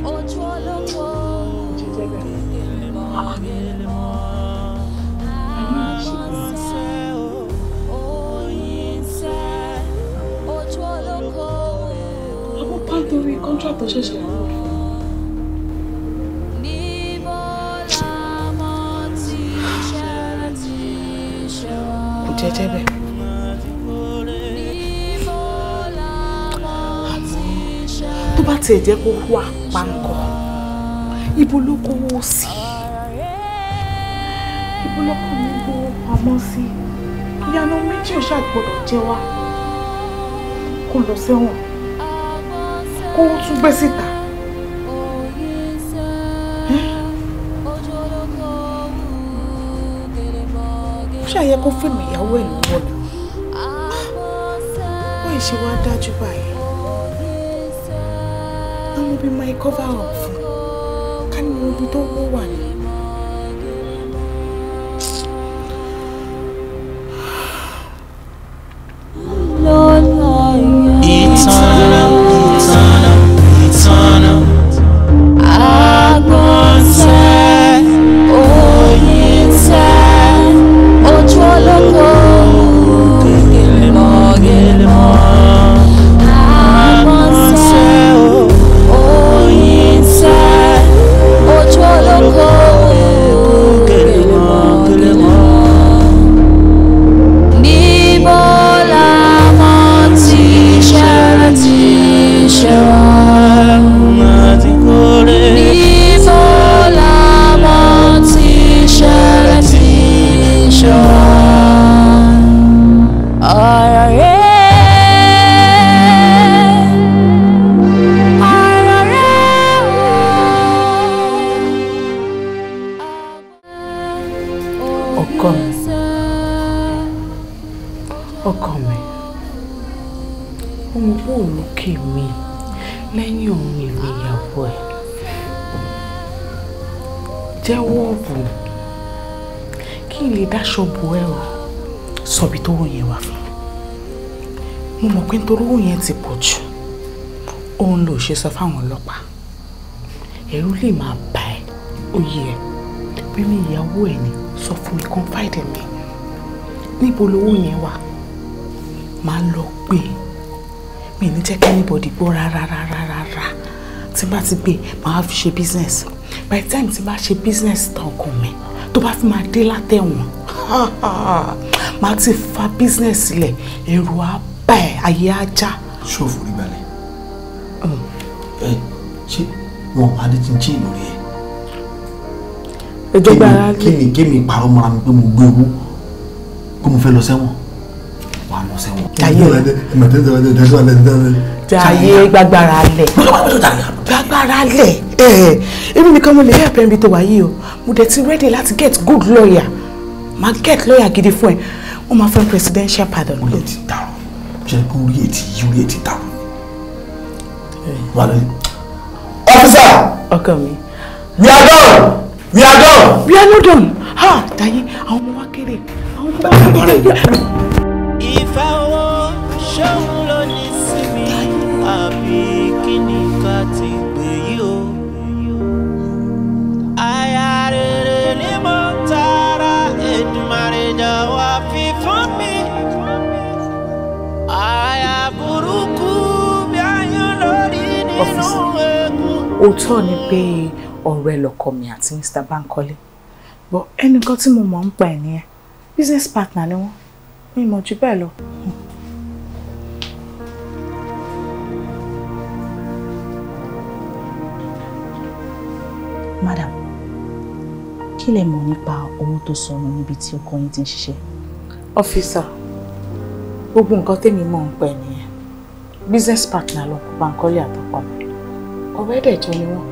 ọmọ pàtórí kọ́ńtrà tó ṣẹ̀ṣẹ̀ lọ́wọ́. jẹjẹ bẹ. tó bá tiẹ̀ jẹ́ kó wà páńkọ ibo ló kówó sí ibo ló kọ́ mi kówó pamọ́ sí ìyanu méjì ò ṣàgbọ́dọ̀ jẹ́ wá kó lọ sẹ́wọ̀n kó tún gbé síta. ṣàyẹ kó fíìmù ìyàwó ẹ̀ lọ́wọ́ lọ wọ́n ìṣe wá dájú báyìí be my cover up Can you be ibi tó wọ́ pọ̀ jù òun ló ṣe sọ fáwọn ọlọ́pàá ẹ̀rù lè máa bà ẹ́ ó yẹ ẹ́ bí mi ìyàwó ẹ̀ ni sọ fún mi confide mi níbo lowó yẹn wà máa lọ gbé e. mi ní jẹ́ kí anybody gbọ́ rárá rárá rárá tí bá ti gbé e, màá fi ṣe business by the time tí bá ṣe business tán ọkàn mi tó bá fi máa dé látẹ̀wọ̀n *laughs* màá ti fa business sílẹ̀ èrò á bà ẹ́ ayé á ṣòfò rí balẹ̀ oh. ẹ ṣé wọn ò adé ti ń jí lórí ẹ. ẹjọ́ gbára lè kémi kémi parọ́ mọ́ra mi pé mo gbé owó pé mo fẹ́ lọ sẹ́wọ̀n wà á lọ sẹ́wọ̀n. jàyè gbàgbára lẹ̀ gbàgbára lẹ̀ ẹ̀ èmi nìkan mo lè help ẹ̀ ń bi tó wáyé o mo dẹ̀ ti ready láti get good lawyer ma get lawyer gidi fún ẹ wọ́n máa fẹ́ presidential pardon. mo lè ti dàrú jẹ́ kó rí ètí yí rí ètí tàkù. ọ́físà. ọkọ mi. we are done we are done. we are not done. ha Taye àwọn ọmọ wa kéré àwọn ọmọ wa kéré. òótọ́ ni pé ọ̀rẹ́ lọ́kọ mi àti Mr. Bankole but ẹnìkan tí mo mọ̀ ń pa ẹ̀ nìyẹn business partner ni wọ́n mi mọ̀ jù bẹ́ẹ̀ lọ. madam kí lẹ mọ̀ nípa owó tó sọnù níbi tí ọkọ yín ti ń ṣiṣẹ́. ọ́fíìsà gbogbo nǹkan tèmi mọ̀ ń pẹ̀ nìyẹn business partner lọ́kọ Bankole àtọkọ mi ọ̀rẹ́ dẹ̀ jọ ni wọ́n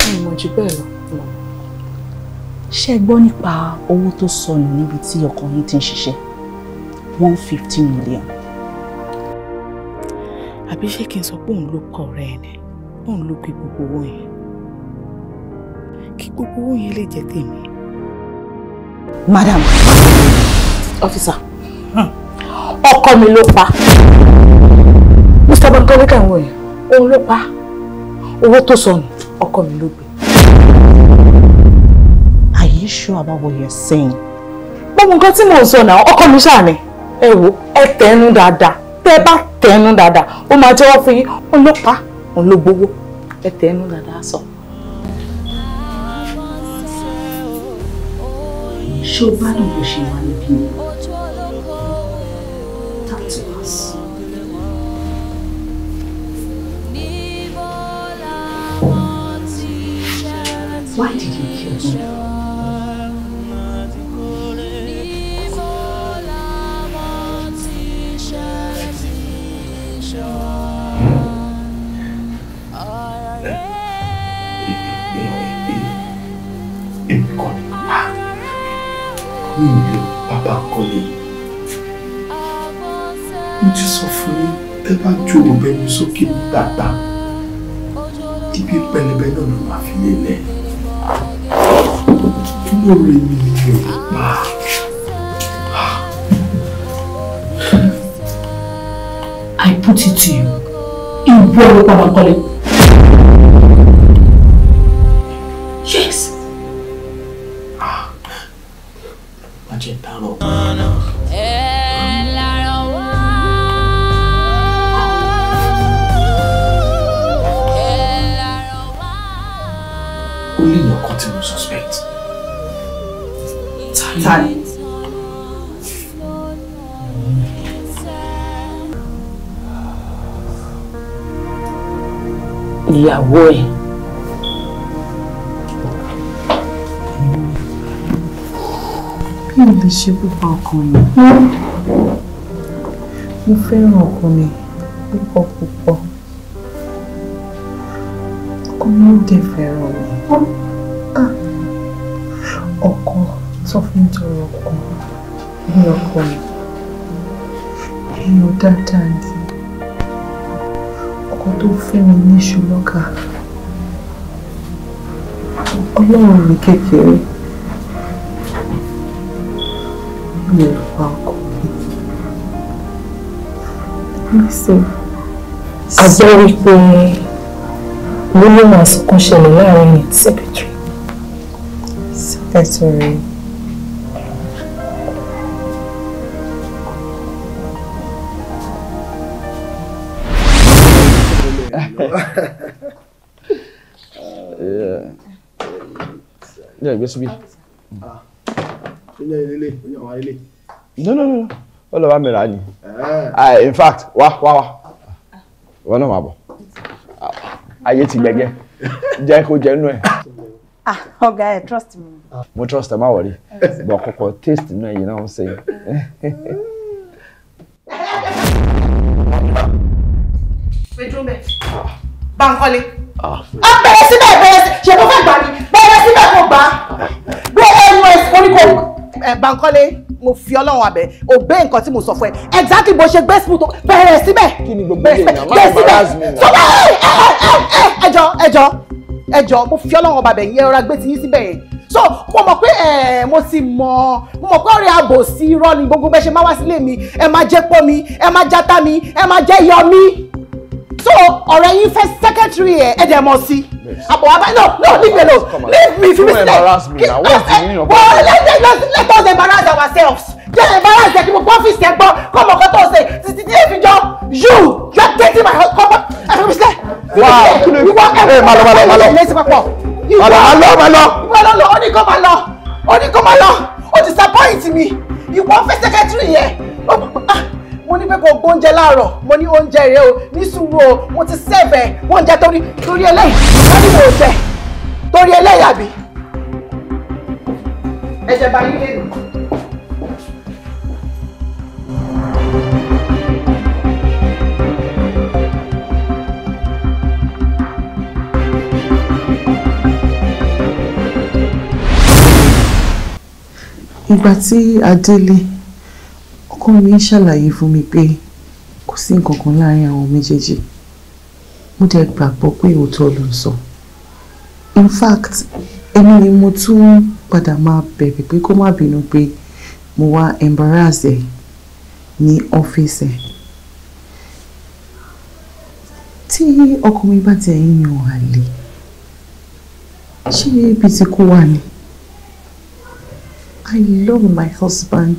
mi ò mọ̀ jù bẹ́ẹ̀ lọ. ṣé gbọ́ nípa owó tó sọnù níbi tí ọkọ ti ń ṣiṣẹ́ one fifteen million. àbí ṣé kí n sọ pé òun ló kọ ọ̀rẹ́ ẹ̀ ni òun ló pe gbogbo owó yẹn kí gbogbo owó yẹn lè jẹ́ tèmi. madam officer ọkọ mi ló pa mr bankowe kàn wọ̀nyí òun ló pa owó tó sọnù ọkọ mi ló gbé. Are you sure about what you're saying? gbogbo nǹkan tí mò ń sọ náà ọkọ mi ṣáà ni ẹ wò ẹ tẹnu dáadáa tẹ bá tẹnu dáadáa ó máa jẹ́wọ́ fún yín ọlọ́pàá òun ló gbowó ẹ tẹnu dáadáa sọ. ṣé o bá dùn bó ṣe wà níbí ni? us. Why did you kill me? Èmi kọ́ ni pa. Mi ò lè bàbá kọ́ ni. Mo ti sọ fún yín, tẹ́ bá ju òbẹ̀ mi sókè ní bàbá. Ibi pẹlẹbẹ náà ló máa fi lélẹ̀ kí ló rẹ mi I put it to you. Ìwọ ló pa máa kọ́lé. ọwọ́ ẹ̀. mi ò lè ṣe púpọ̀ ọkàn mi mo fẹ́ràn ọkàn mi púpọ̀ púpọ̀ ọkọ mi ò dé fẹ́ràn mi ọkọ tó fi ń tọrọ ọkọ ní ọkọ mi èèyàn dáadáa ni tó fún un níṣu lọ́kà ọlọ́run mi kékeré mi ò pa ọkọ mi listen a jẹ́ wípé gbólóhùn àsìkò ṣẹlẹ̀ láàrin secretary secretary. ẹ̀ gbé síbí. no no no ó lọ bá mi rà ni ah. Ah, in fact wá wá wá wọn náà máa bọ̀ ayé ti gbẹgẹ jẹ́ kó jẹ́ nú ẹ̀. Ah, ọ̀gá ẹ̀ trust me. Mo trust ẹ má wọ̀rí. Bọ̀ kọ̀kọ̀ taste náà yìí náà ń ṣe. Bẹ́ẹ̀dúnbẹ̀, Bánkọ́lé. Ah. Ó bẹ̀rẹ̀ síbẹ̀ bẹ̀rẹ̀ sí, ṣe mo fẹ́ gbà ni, bẹ̀rẹ̀ síbẹ̀ mo gbà á gbé ẹnu ẹ oníkó Bankole mo fi Ọlọ́run abẹ o gbé nǹkan tí mo sọ fún ẹ exactly bó ṣe gbé síbù tó bẹ̀rẹ̀ síbẹ̀ bẹ̀rẹ̀ síbẹ̀ bẹ̀rẹ̀ síbẹ̀ sọ bẹ́ẹ̀ eh, eh, eh, ẹjọ́ ẹjọ́ ẹjọ́ mo fi Ọlọ́run ọba bẹ̀ yẹn rọra gbé ti yín síbẹ̀ yẹn so mo mọ̀ pé ẹ mo ti mọ̀ mo mọ̀ pé ọ̀rẹ́ ààbò sí irọ́ ni gbogbo bẹ́ẹ̀ ṣe máa wá sílé mi ẹ máa jẹ́ pọ́ mi ẹ máa jata mi ẹ máa jẹ́ yọ mi so ọ̀rẹ́ yín fẹ́ secretary ẹ̀ ẹ̀ dẹ̀ mọ̀ sí i àbọ̀ wá no no leave me alone leave me fi mi sílẹ̀ wọ́n let let let let us embarrass ourselves jẹ́ embarrass ẹ̀ kí mo gbọ́ fi ṣe gbọ́ kọ́ mọ̀ kọ́ tó ṣe títí tí èmi jọ you you are getting my husband kọ́ ẹ fi mi sílẹ̀ fi mi sílẹ̀ wíwá ẹ̀ fi mi sílẹ̀ lẹ́yìn sí papọ̀ ìwọ lọ lọ ó ní Come máa lọ Come ní kó máa lọ ó oh, disappoint mi ìwọ fẹ́ secretary yẹn mo ní pé kò gbóúnjẹ láàárọ̀ mo ní oúnjẹ rẹ o ní sùúrù o mo ti sẹ́ẹ̀bẹ̀ oúnjẹ torí torí eléyìí wọ́n ní mo jẹ torí eléyìí àbí. ẹ̀jẹ̀ bá yín lẹ́nu. ìgbà tí adélé ọkọ mi ṣàlàyé fún mi pé kò sí nǹkan kan láàrin àwọn méjèèjì mo dẹ̀ gbàgbọ́ pé òótọ́ ló ń sọ in fact èmi ni mo tún padà máa bẹ̀bẹ̀ pé kó má bínú pé mo wá embarrass ẹ̀ ní ọ́fíìsì ẹ̀ tí ọkọ mi bá tiẹ̀ ń yan àlè ṣé ibi tí kò wà ni I love my husband.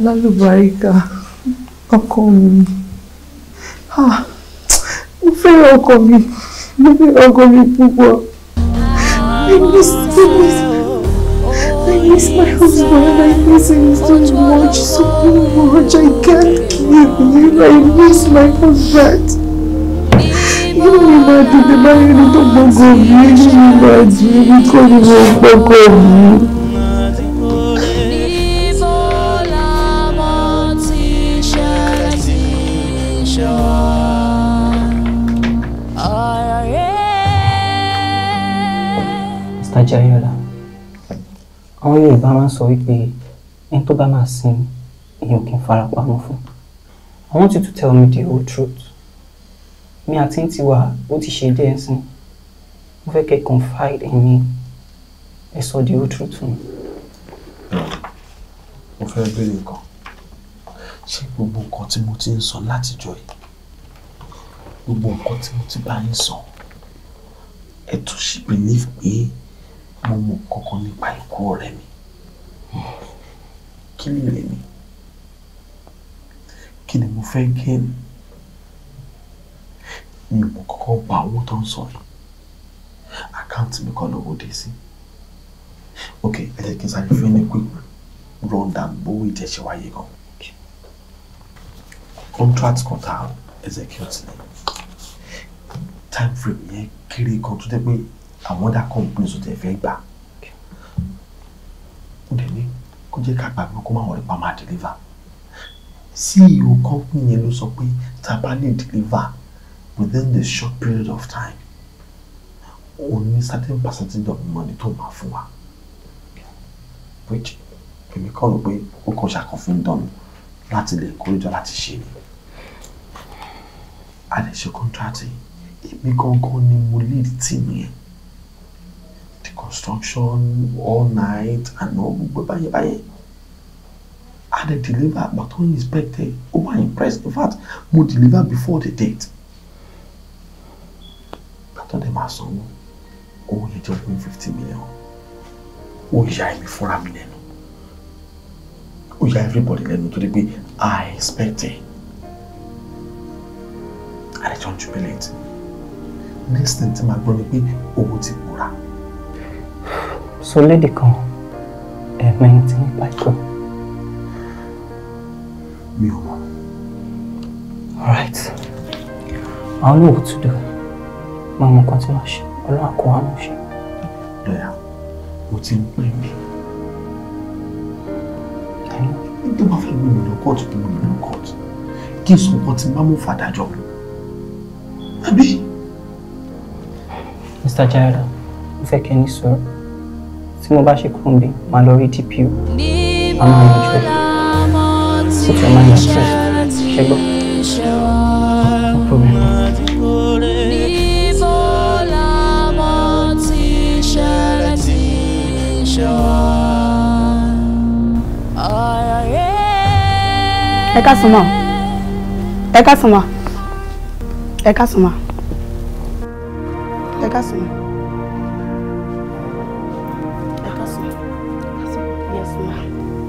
Lalo barika ọkọ o mo fẹ́ràn ọkọ feio mo fẹ́ràn ọkọ mi púpọ̀ I miss I miss I miss my husband I miss him so much so much I can't keep him I miss my husband inú me máa dùn bí não ní tó gbogbo mi inú mi máa dùn bí kò ní àwọn Yorùbá máa ń sọ wípé ẹni tó bá máa sin èèyàn kì í fara pamọ́ fún I want you to tell me the whole truth mi àti ti wà ó ti ṣe díẹ̀ sí mo fẹ́ kẹ́ confide in me ẹ sọ the whole truth fún mi. mo fẹ́ béèrè nǹkan ṣé gbogbo nǹkan tí mo ti ń sọ látijọ́ yìí gbogbo nǹkan tí mo ti bá yín sọ ẹ tún ṣì believe pé mo mọ̀ kọ́kọ́ nípa ikú ọ̀rẹ́ mi kí ni rẹ̀ mi kí ni mo fẹ́ gé mi mi ò mọ̀ kọ́kọ́ gba owó tó ń sọ yìí àkáǹtì mi kan lówó dé sí ok ẹ jẹ́ kí n sáré fún ní quick run down gbowó ìjẹsẹ̀ wáyé gan contract kan tá a execute time frame yẹn kéré kan tó dẹ́ pé àwọn ọ̀dà companies tẹ̀ fẹ́ gbà ó dẹ̀ ní kó jẹ́ ká gbàgbé kó má wọlé pa máa deliver CEO company yẹn ló sọ pé tá a bá deliver within the short period of time Only certain percentage of money to tó máa fún wa which èmi kọ́ ló pé ó kàn ṣàkànfin dànù láti lè kórìjọ láti ṣe ni a lè ṣe kọ́ńtrátì èmi gangan ni mo lead team yẹn construction all night and all gbogbo báyẹn báyẹn i dey deliver but when inspect ẹ ó wà impressed in fact mo deliver before the date gbàtọ́ dẹ̀ máa sanwó owó yẹn jẹ́ one fifty million ó yà èmi fúnra mi lẹ́nu ó yà everybody to torí pé i expect ẹ i dey turn jubilant next thing tí màá gbọ́ ni pé owó ti kú sọ lédè kan ẹ̀mẹ́rin tí nípa ikú. mi ò mọ. all right àwọn olówó tó dò máa mọ nǹkan tí wọ́n ṣe ọlọ́run àkọ́ àwọn ṣe. lọ́yà o ti ń pè mí. nítorí wọ́n fẹ́ gbé mi lọ kóòtù kí mo lè lọ kóòtù kí n sọ nǹkan tí bá mú fàdájọ́ àbí. Mr. Jairo, mo fẹ́ kẹ́ ní sọ̀rọ̀ tí mo bá ṣe kọ́ńbí màá lọ rí TPO àmọ́ ìjọ ó ti máa ń stress ṣẹgbọ́n no problem. ẹ ká sùn mọ́ ẹ ká sùn mọ́ ẹ ká sùn ẹ ká sùn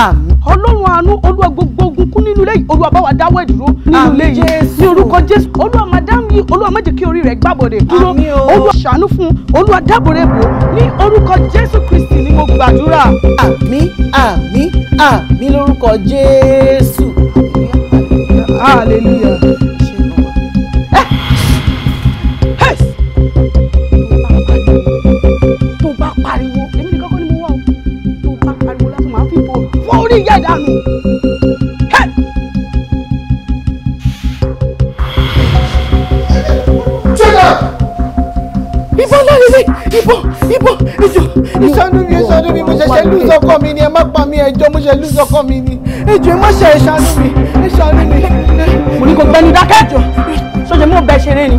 àmín ọlọ́run àánú olúwa gbogbo ogun kú nínú ilé yìí olúwa bá wa dáwọ́ ìdúró nínú ilé yìí ní orúkọ jésù olúwa madam yìí olúwa má jẹ́ kí orí rẹ̀ gbàbọ̀dẹ̀ dúró olúwa ṣàánú fún olúwa dáàbò rẹ̀ bò ní orúkọ jésù kristi ni mo gbàdúrà. àmín àmín àmín lórúkọ jésù. hallelujah. ìṣàánú mi ìṣàánú mi mo ṣẹ̀ṣẹ̀ lù sọ́kọ mi ni ẹ má pa mí ẹjọ́ mo ṣe lù sọ́kọ mi ni ẹjọ́ ẹ má ṣe ìṣàánú mi ìṣàánú mi. mo ní kò gbẹ́ni dákẹ́jọ́ ṣọ́jà mú ọbẹ̀ ṣeré ni.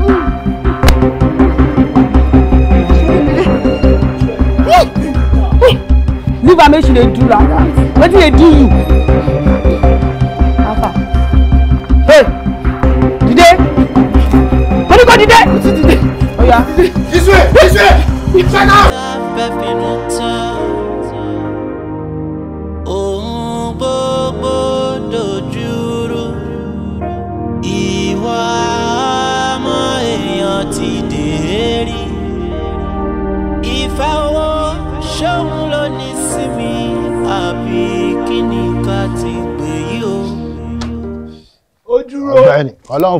leave am make she dey do like that wetin dey do you. afa hey dìde mo ní kò dìde. oya this way this way check out.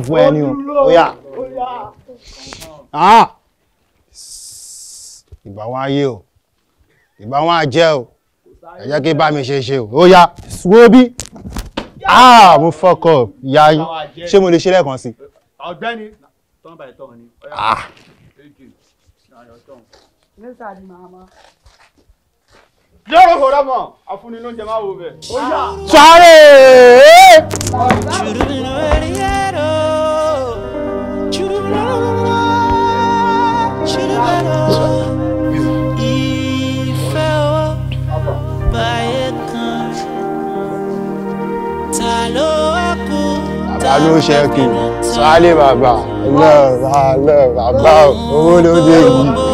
lọ́n fún ẹ ní o óyá ìbá wọn ayé o ìbá wọn ajẹ́ o ẹ jẹ́ kí bá mi ṣe ṣe o óyá wo bí ah, mo fuck up ìyá yín ṣé mo lè ṣe lẹ́ẹ̀kan sí. ọ̀gbẹ́ni tọ́nbà ìtọ́ ni yọrọ hora mọ àfúnilóúnjẹ máa wò bẹ. sáré. ta ló kú ta ló ṣe kí sálẹ̀ bàbá lọ́ọ̀ bàbá owó ló dé yìí.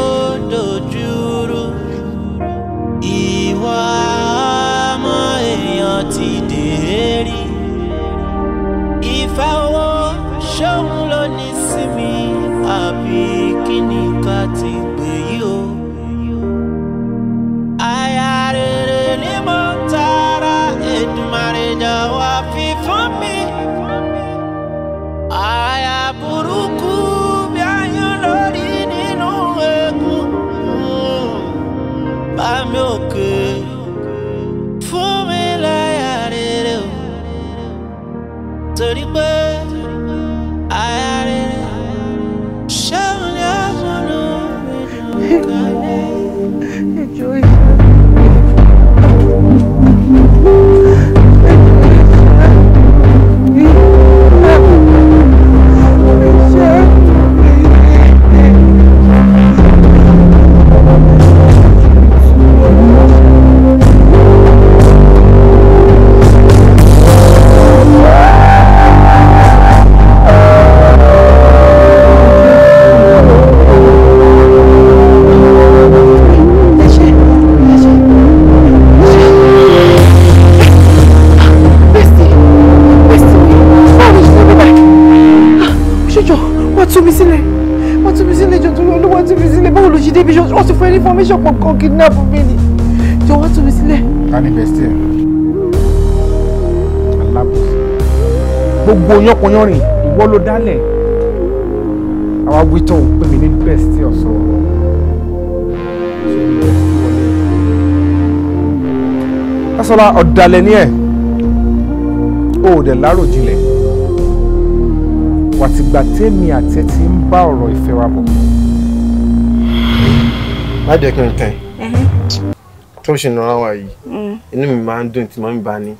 ọmọ kan kidnap mi ni jọ̀wọ́ tú mi sílẹ̀. ká ní bẹ́ẹ̀ still alábòsí. gbogbo yánpọnyánrin ìwọ ló dálẹ̀ àwa wítọ̀ pé mi ní bẹ́ẹ̀ still ọ̀sọ̀ ọ̀rọ̀. ọ̀dàlẹ̀ ni ẹ̀ o ò dẹ̀ láròjinlẹ̀ wàtìgbà tẹ́mi àtẹ́tí ń bá ọ̀rọ̀ ìfẹ́ wa bọ̀ má jẹ́ kí n tẹ̀ tó ṣe nira wa yìí mm. inú mi máa ń dùn tí màmí bá ní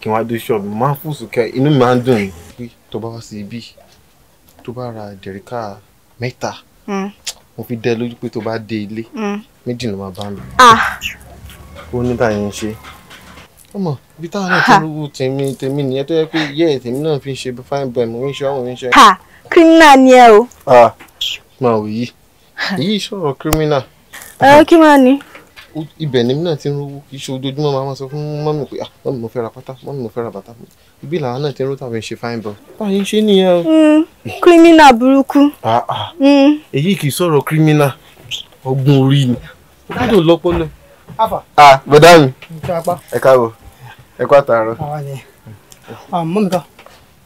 kí n wá dé ṣọ́ọ̀bù máa ń fòsùn kẹ inú mi máa ń dùn ni. tó bá wá sí ibi tó bá ra jẹ̀ríkà mẹ́ta mm. mo fi dẹ́ lójú pé tó bá dé ilé mm. méjì ló máa bá mi. Ah. ó ní báyìí ń ṣe ọmọ ibi táwọn náà ti rúwú tèmi tèmi nìyẹn tó yẹ pé yẹ tèmi náà fi ń ṣe fine boy mo ń ṣe ọmọ ń ṣe. ha kírímìnà ni ẹ o. Ah, máa wò yìí èyí sọ̀rọ̀ kírímìnà ẹ kí máa ní. ibẹ̀ ni náà ti ń rówó kì í ṣe ojoojúmọ́ máa sọ fún mọ́mí pé ah, mọ́mí mo fẹ́ mọ́mí mo fẹ́ ibi làwọn náà ti ń ró tàbí ṣe fine boy. báyìí ń nìyẹn o. kírímínà hmm, burúkú. Ah, ah. Hmm. èyí kì í sọ̀rọ̀ kírímínà ọgbọ́n orí ni ó bọ̀dá mi ẹ káàbọ̀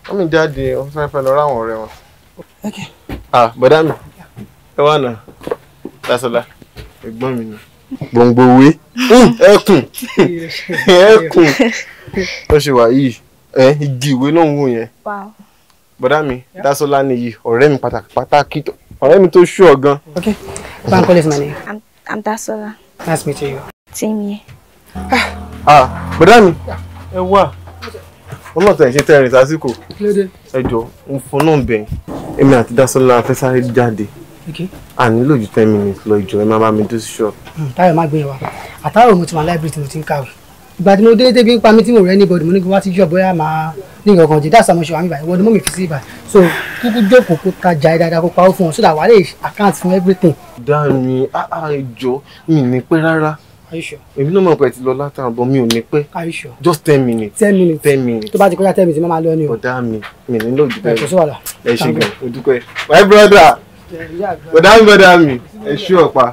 ẹ jáde wọ́n fẹ́ fẹ́ ẹ̀gbọ́n mi ni. gbòǹgbòwé hmm, ẹkùn *laughs* ẹkùn ó ṣe wà yìí ẹ igi ìwé ló ń wò yẹn. bọ́dá mi dáṣọ́lá ni yìí ọ̀rẹ́ mi pàtàkì ọ̀rẹ́ mi tó ṣú ọ gan. okay bankole is my name. i'm, I'm dasola. nice meeting you. timi. ah, ah bọ́dá mi ẹ wá ọlọ́tà ẹ̀ ṣe tẹ́rìn sásìkò ẹ jọ ń fọnà bẹ́ẹ̀ èmi àti dáṣọ́lá fẹ́ sáré jáde a nílò ju ten minutes lọ ìjọ ẹ má bá mi dé sí ṣọ́ọ̀bù. Hmm, táyọ̀ má gbé yẹn e wá àtàwọn ohun tí wọn láìbírì tí mo ti ń kàwé ìgbà tí mo dé débi ń pa mí tí mo rẹ́ ní bọ́ọ̀dù mo ní kí wá sí jọ bóyá máa ní ìgbọ̀ngàn jì dáàsà mo ṣe wà mí báyìí wọ́n ni mo mi fi sí ibà so kúkú jókòó kó ta jà dáadáa kó pawó fún wọn so that wà á lè account fún everything. dáàrin àjọ ah, ah, mi ní pẹ́ rárá èmi náà mọ̀ pé ti lọ látara bọ́ mi ò ní pẹ́ just ten minutes ten minutes ten minutes tó bá ti kọjá ten minutes mo máa lọ ni o. ọ̀dà mi mi nílò ìdúpẹ́ ẹ ṣe gan-an o dúpẹ́ my brother bọ̀dá mi bọ̀dá mi ẹ ṣú ọ̀pá.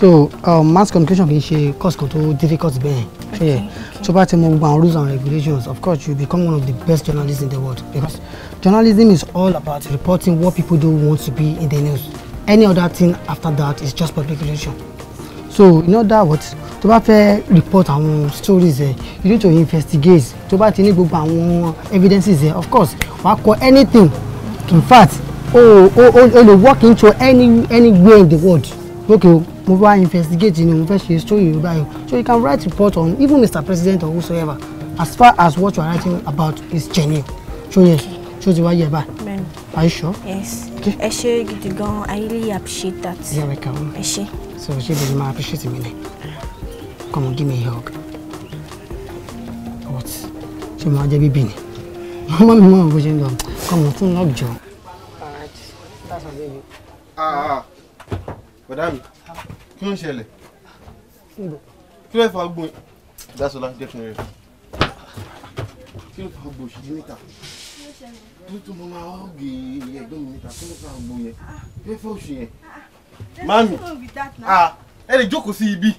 so um, mass communication kì í ṣe course kan tó difficult bẹ́ẹ̀ yẹn tó bá ti mọ gbogbo àwọn rules and regulations of course you become one of the best journalists in the world because journalism is all about reporting what people don't want to be in the news any other thing after that is just public relations so in other what to bá fẹ́ report àwọn stories ẹ you need to investigate to bá ti ní gbogbo àwọn evidences ẹ of course wàá kọ anything in fact o o o lè work into any anywhere in the world okay o mo bá investigate ni mo fẹ́ ṣe story yorùbá yìí so you can write report on even Mr. President or whosoever as far as what you are writing about is genuine so yes so ti wá yẹ báyìí. Are you sure? Yes. Okay. Ẹ ṣé gidi gan, I really appreciate that. You're welcome. Ẹ ṣé. So ṣé bí mo appreciate mi ni? Come on, give me a hug. What? Ṣé mo ajẹ́ bíbí ni? *laughs* Mama mi mọ̀ bó ṣe ń Come on, fún lọ́ọ̀ job. Alright, that's my baby. Ah, ah, ah, bọ̀dá mi, kí ló ń ṣẹlẹ̀? Kí ló fà á That's what jẹ́ kí n rẹ̀. Kí ló fà á gbó? Ṣé jí tuntun mo máa wá gbé ẹgbẹ́ mi níta fún ọ̀sán àgbo yẹn fẹ́fẹ́ oṣù yẹn. mami ah, ẹ lè jókòó sí ibi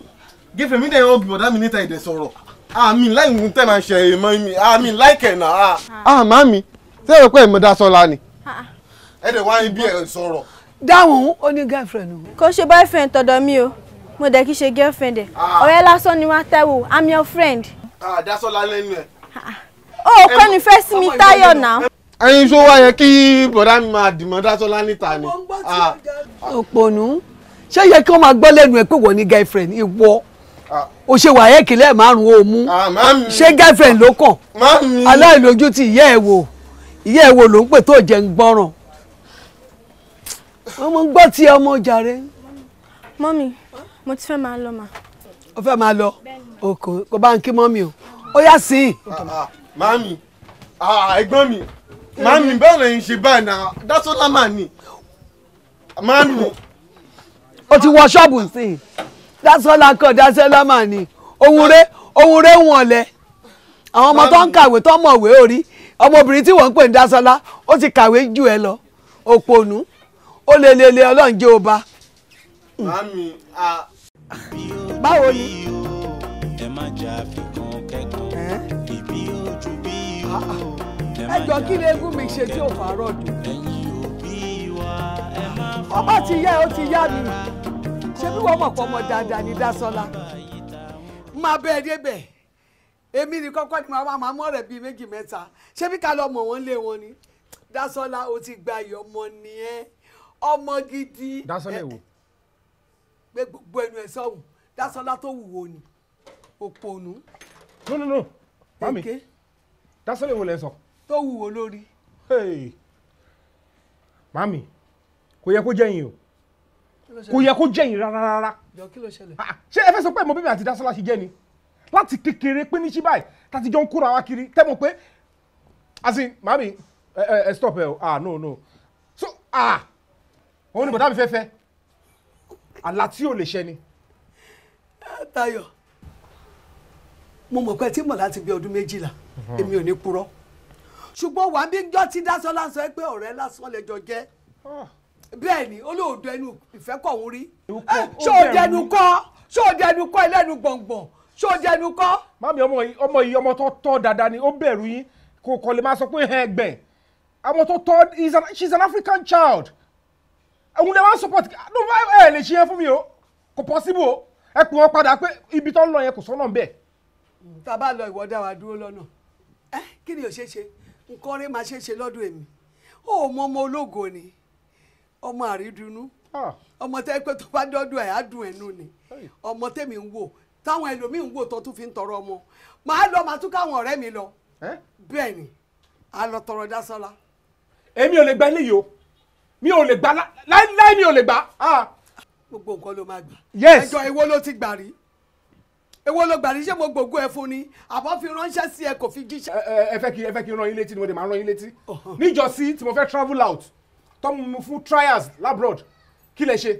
gẹ́fẹ̀ mi dẹ̀ yọ bí ọ̀dá mi níta ìdẹ̀ sọ̀rọ̀ àmì láì ń tẹ̀ máa ń eh, I èèmọ̀ ah, mi àmì láìkẹ̀ ah. ah mami ṣé ẹ rò pé ẹ̀mọ́dá sọ́la ni. ẹ dẹ̀ wá ibi ẹ̀ sọ̀rọ̀. dáhùn girlfriend Cause kò boyfriend told me o mo dẹ̀ kí ṣe girlfriend ẹ̀ ọ̀rẹ́ lásán you want á tẹ́wò i'm your friend. ah that's all I lẹ́nu Ah. Oh, ò kọ́ ni fẹ́ sí mi táyọ̀ náà. ẹyin tó wá yẹ kí bọ̀dá mi máa dìmọ̀ dásọ́lá níta ni. Ah. òpònú ṣé yẹ kí wọ́n máa gbọ́ lẹ́nu ẹ̀ pé wọ́n ní girlfriend ìwọ ah. o ṣe wà ayé kìlẹ̀ márùn-ún o mú ah, ṣé girlfriend ló kàn aláìlójú ti ìyá ẹ̀ wò ìyá ẹ̀ wò ló ń pè tó jẹ́ ń gbọ́ràn ọmọ ń gbọ́ tí ọmọ jàre. mọ́mí mo ti fẹ́ máa lọ mà. o fẹ́ máa lọ o kò bá ń kí mọ́mí o ó yá sí màámi ah, ẹ̀gbọ́n mi màámi bẹ́ẹ̀ lẹ́yìn ṣe báyìí náà dátọ́lá màá ni màámi. o ti wọ ṣọ́ọ̀bù sí i dásọ́lá kan dásọ́lá màá ni ohun rẹ ohun rẹ wọn lẹ àwọn ọmọ tó ń kàwé tó mọ̀wé orí ọmọbìnrin tí wọ́n ń pè ní dásọ́lá ó ti kàwé jù ẹ lọ òpònú ó lè lè lè ọlọ́run jẹ́ ọba. màámi a. báwo ni. ẹ má jà fi kẹ́kọ̀ọ́ ẹjọ́ kí lè gún mi ṣe tí ò fàárọ̀ dùn. ọmọ ti yá ó ti yá mi ṣé bí wọ́n mọ̀ pọ̀ ọmọ dáadáa ní Dásọ́lá máa bẹ́ẹ̀ débẹ̀ èmi ní kọ́kọ́ ni màá máa mú ọ̀rẹ́ bíi méjì mẹ́ta ṣé bí ká lọ mọ̀ wọ́n lé wọn ni Dásọ́lá ó ti gba iyọ̀ ọmọ nìyẹn ọmọ gidi. Dásọ́lá èwo. gbé gbogbo ẹnu ẹ sọ́hùn Dásọ́lá tó wù wò ni òpònú. no no no mami dásọ̀rọ̀ èwo lẹ sọ. tó wù wò lórí. màmí kò yẹ kó jẹ́yìn o kò yẹ kó jẹ́yìn rárá rárá. jọ kí ló ṣẹlẹ̀. Ah, ṣé ẹ fẹ́ sọ pé mo bíbí àti dásọ̀rọ̀ àti jẹ́ ni láti kékeré pé ní ṣíbáì tàti jọ ń kóra wa kiri tẹ́ mọ̀ pé as in ẹ ẹ stop ẹ o ah no no so ah òun ni bọ̀dá mi fẹ́ fẹ́ àlá tí ò lè ṣẹ ni. Táyọ̀ mo mọ̀ pé tí mọ̀ láti bí ọdún méjìlá mhm. èmi ò ní purọ́ ṣùgbọ́n wà á bí jọ́ ti dásán lásán pé ọ̀rẹ́ lásán lẹ́jọ́ jẹ́ ah. bẹ́ẹ̀ ni olóòdù ẹnu ìfẹ́ kọ̀ ń rí eh, ṣé o dẹnu kọ́ ṣé o dẹnu kọ́ ẹlẹ́nu gbọ̀ngbọ̀n ṣé o dẹnu kọ́. mami ọmọ yìí ọmọ yìí ọmọ tó tọ́ dáadáa ni ó bẹ̀rù yín kò kọ́ lè máa sọ pé hẹ́n gbẹ̀ ọmọ tó tọ́ she is an African child òun lè wá support ẹ lè ṣe yẹn fún mi o kò possible o ẹ pè wọ́n padà pé ibi tó ń lọ yẹn kò sọ́nà bẹ́ẹ̀ tá a bá lọ ìwọ dá wa dúró lọ́nà ẹ kí ni ò ṣeé ṣe nǹkan rẹ máa ṣeé lọ́dún èmi ó mọ ọmọ ológo ni ọmọ àrídùnnú ọmọ tẹ́ pé tó bá dọ́dún ẹ̀ á dùn ẹ̀nu ni ọmọ tẹ́mi ń wò táwọn ẹlòmíì ń wò tó tún fi ń tọrọ ọmọ màá lọ màá tún káwọn ọ̀rẹ́ mi lọ bẹ́ẹ̀ ni a lọ tọrọ dásọ́lá. èmi ò lè gba eléyìí o mi ò lè gba láéláé mi ò lè gba. gbogbo nǹkan ló máa gbà ẹjọ́ ìwọ ló ti gbà rí èwo ló gbàdí ṣé mo gbògbó ẹ fún ni àbọ̀ fi ránṣẹ́ sí ẹ kò fi jíṣẹ́. ẹ fẹ́ kí ẹ fẹ́ kí n rán yín létí ni mo dé máa rán yín létí oh. níjọ́sí tí mo fẹ́ travel out tọ́mú mi fún trials labroad kí lẹ ṣe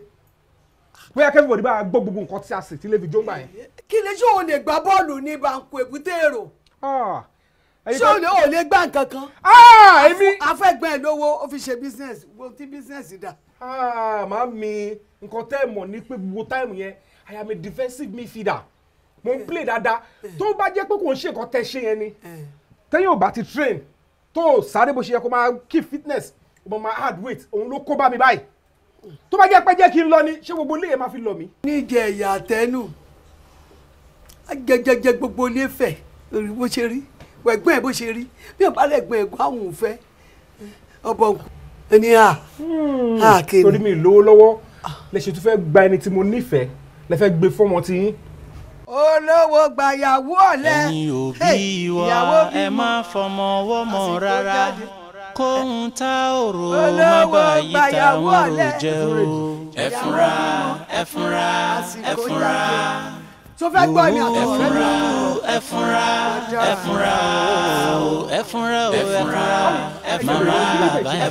bóyá kẹ́mi bòdì bá gbọ́ gbogbo nǹkan tí a sì ti lè fi jó ń gbà yẹn. kí lè ṣé o lè gba bọ́ọ̀lù ní banku èbúté èrò ah, ṣé o lè o lè gbà nǹkan kan afẹ́gbẹ́ ah, ẹ̀ lówó ó fi ṣe business wo ti business dà. Ah, màá mi nǹkan tẹ́ ẹ̀ mọ̀ ní pé gbogbo táìmù yẹn I am a defensive midfielder mo ń play dáadáa tó bá jẹ́ pé kò ń ṣe nǹkan tẹ́ ṣe yẹn ni tẹ́yìn ò bá ti train tó sáré bó ṣe yẹ kó máa keep fitness mo máa hard weight òun ló kó bá mi báyìí tó bá jẹ́ pé jẹ́ kí n lọ ni ṣé gbogbo ilé yẹn máa fi lọ mi. níjẹ ìyá àtẹnu jẹjẹjẹ gbogbo ilé fẹ lórí bó ṣe rí wẹgbọn ẹ bó ṣe rí bí ọba rẹ gbọn ẹgbọn àwọn ò fẹ ọbọ ẹni à hmm, à kéde. torí mi lówó lọ́wọ́ lè ṣe tó fẹ́ gba ẹni tí mo nífẹ̀ẹ́ lè fẹ́ gbé fọ́mọ tí yín olówó gbàyàwó ọ̀lẹ́. ẹ̀yin òbí wa ẹ má fọmọ ọwọ́ mọ́ rárá kóhun tá ò má bà yí táwọn rò jẹ́ o. ẹ fúnra ẹ fúnra ẹ fúnra tó fẹ́ gbọ́ ẹ̀mí àtọ̀rọ̀ rẹ. ẹ fúnra ẹ fúnra ẹ fúnra mama bá ẹ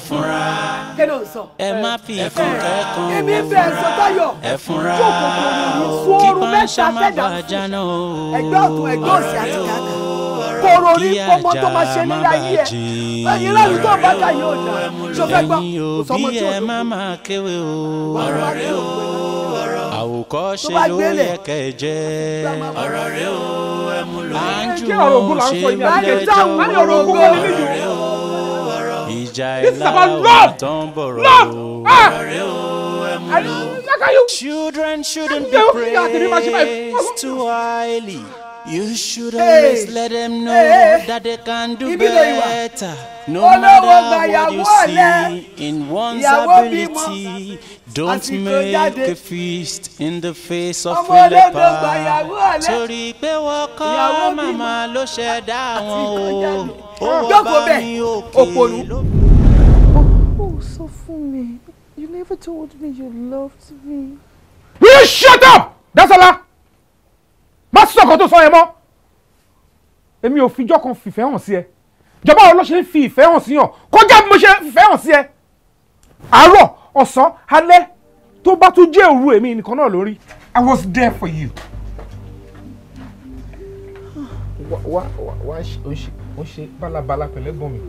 ẹ má fi ìkan kẹ́kọ̀ọ́ èmi bẹ̀ sọ táyọ̀ ẹ fúnra kí bá ń o ẹgbẹ́ ọ̀tún ẹgbẹ́ tó máa ṣe nílé ayé ẹ ẹyin lẹ́nu tó bá dà yóò dà ṣọfẹ́ gbọ́ sọmọ tí o dùn. òbí rẹ o àwòkọ́ṣe ló yẹ kẹ́ ọ̀rọ̀ rẹ o ẹ mú lò. à ń jù ú ṣe mẹ́lẹ́jọ́ ọ̀rọ̀ rẹ o ìjà ìlà ọ̀tán bọ̀rọ̀ o ọ̀rọ̀ rẹ o ẹ mú lò. Children shouldn't be praised too highly. You should always hey. let them know hey. that they can do better. No matter what you see in one's ability, don't make a feast in the face of a leper. Torí pé wọ́n kọ́ màmá ló ṣẹ̀dá wọn o. Ó bá mi òkè ló. Ó oh, oh, sọ fún mi, you never told me you loved me. You shut up! That's all bá sọ̀kọ̀ tó sọ yẹn mọ́ èmi ò fijọ́ kan fìfẹ́ hàn sí ẹ ìjọba ọ̀rọ̀ ló ṣe ń fi ìfẹ́ hàn sí yàn kọjá bí mo ṣe fìfẹ́ hàn sí ẹ àárọ̀ ọ̀sán alẹ́ tó bá tún jẹ́ òru èmi nìkan náà lórí I was there for you. wá wá wá ó ṣe bálabàla pẹ̀lẹ́ gbọ́n mi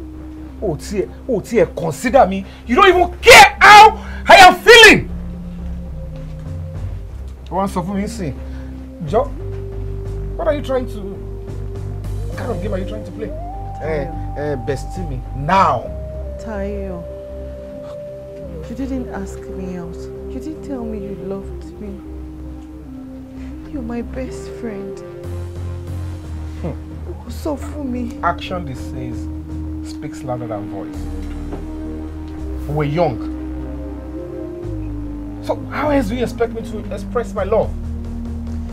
o tiẹ̀ o tiẹ̀ consider me you don't even care how I am feeling. wọ́n sọ fún mi sìn jọ́. What are you trying to... What kind of game are you trying to play? Eh, Uh, uh, me. now! Tayo, you didn't ask me out. You didn't tell me you loved me. You're my best friend. Hmm. So for me. Action this says speaks louder than voice. We're young. So how else do you expect me to express my love?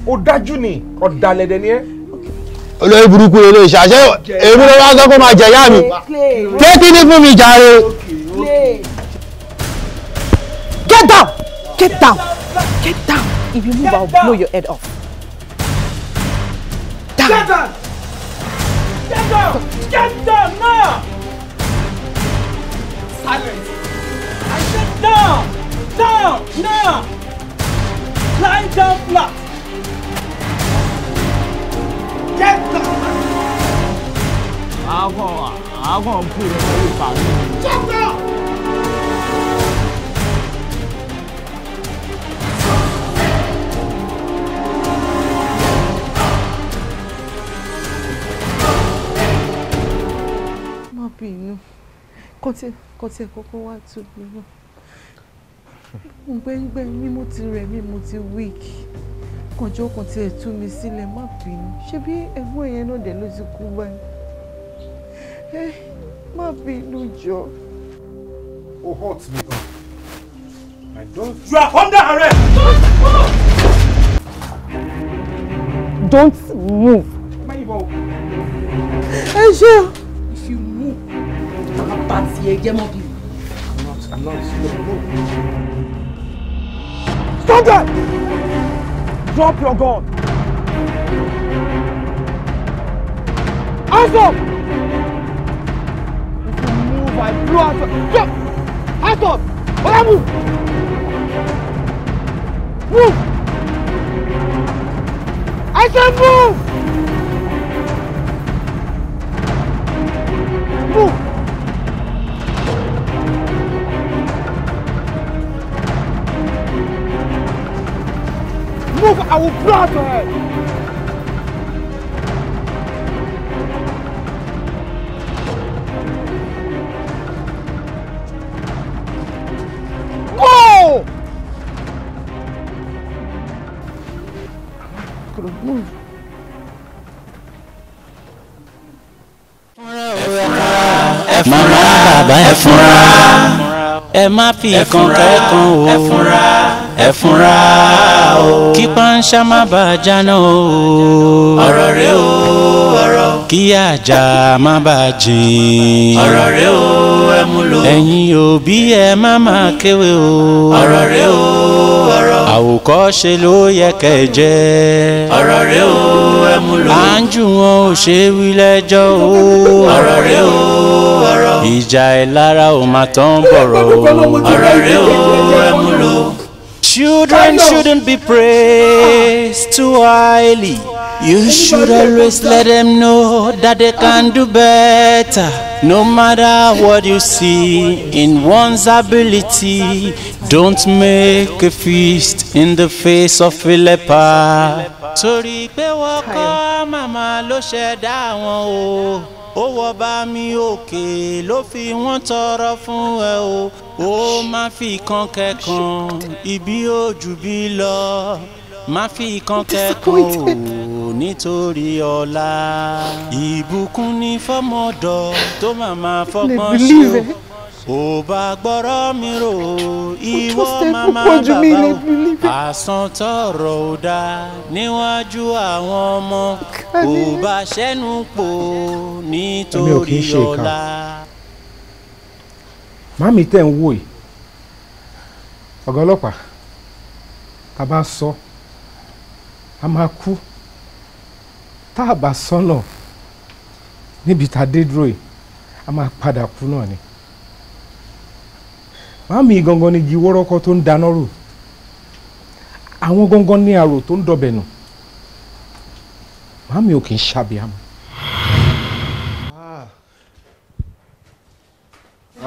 ó dájú ni ọ̀dàlẹ̀dẹ̀ ni ẹ́. olórí burúkú lè lè ṣàṣẹ èmi ló wá máa jẹ̀yà mi kéèkì ní fún mi jàre. get down get down get down if you move I'll blow your head off. down get down get down now. silence I said down down now lie down flat. 阿晃啊，阿晃不能违法律。站住！má bínú kó tí kó tí kókó wá tù mí náà gbẹngbẹ mi mo ti rẹ̀ mí mo ti wíìkì kànjọ́ kan tiẹ̀ tú mi sílẹ̀ má bínú ṣebí ẹ̀gbọ́n yẹn náà dẹ̀ ló ti kú báyìí ẹ má bínú jọ. o hurt me gan I don't. you are under arrest. don't move. don't move. ẹ ṣe. if you move àbàtì ẹ̀jẹ̀ mọ́ bí. I'm not I'm not. No, no. stop that. Drop your gun. Hands up! If you move, I blow out your... Drop! Hands up! Oya move! Move! I said move! Porra, é Bàbá é fúnra é má é ẹ̀kan é o é fúnra é fúnra. o. kí panṣá má bàa jáná o. ọ̀rọ̀ rẹ o ọ̀rọ̀. kí àjà má bàa jìn. ọ̀rọ̀ rẹ o ẹ mú lò. ẹ̀yin òbí ẹ má máa kéwé o. ọ̀rọ̀ rẹ o ọ̀rọ̀. àwòkọ́ṣe ló yẹ kẹ́ ẹ ọ̀rọ̀ rẹ o ẹ mú lò. à ń jù wọn ò ṣe wí lẹ́jọ́ o. ọ̀rọ̀ rẹ o ọ̀rọ̀. ìjà ìlara ò máa tán bọ̀rọ̀ o. ọ̀rọ̀ rẹ o ẹ mú lò. Children shouldn't be praised too highly. You should always let them know that they can do better. No matter what you see in one's ability, don't make a feast in the face of a leper. torí pé wọ́n kọ́ ló ṣẹ̀dá wọn o ó wọ bá mi òkè ló fi wọ́n tọrọ fún ẹ o ó má fi kan kẹkan ibi ó jù bí lọ má fi kan kẹkan o nítorí ọ̀la ìbùkún ní fọmọdọ tó máa máa fọgbọ́n o ò bá gbọ́rọ̀ mi rò ìwọ màmá bàbá o àsan tọrọ ò dá níwájú àwọn ọmọ ò bá ṣẹ́nu pò nítorí ọ̀la. màmí tẹ̀ ń wò yìí ọ̀gá ọlọ́pàá tá a bá sọ a máa kú tá a bá sọ náà níbi tá a dé dúró yìí a máa padà kú náà ni màámi gangan ni igi wọ́rọ́kọ́ tó ń dáná rò àwọn gangan ní àrò tó ń dọ̀bẹ̀ nù màámi ò kì í ṣàbíàmù. Ah,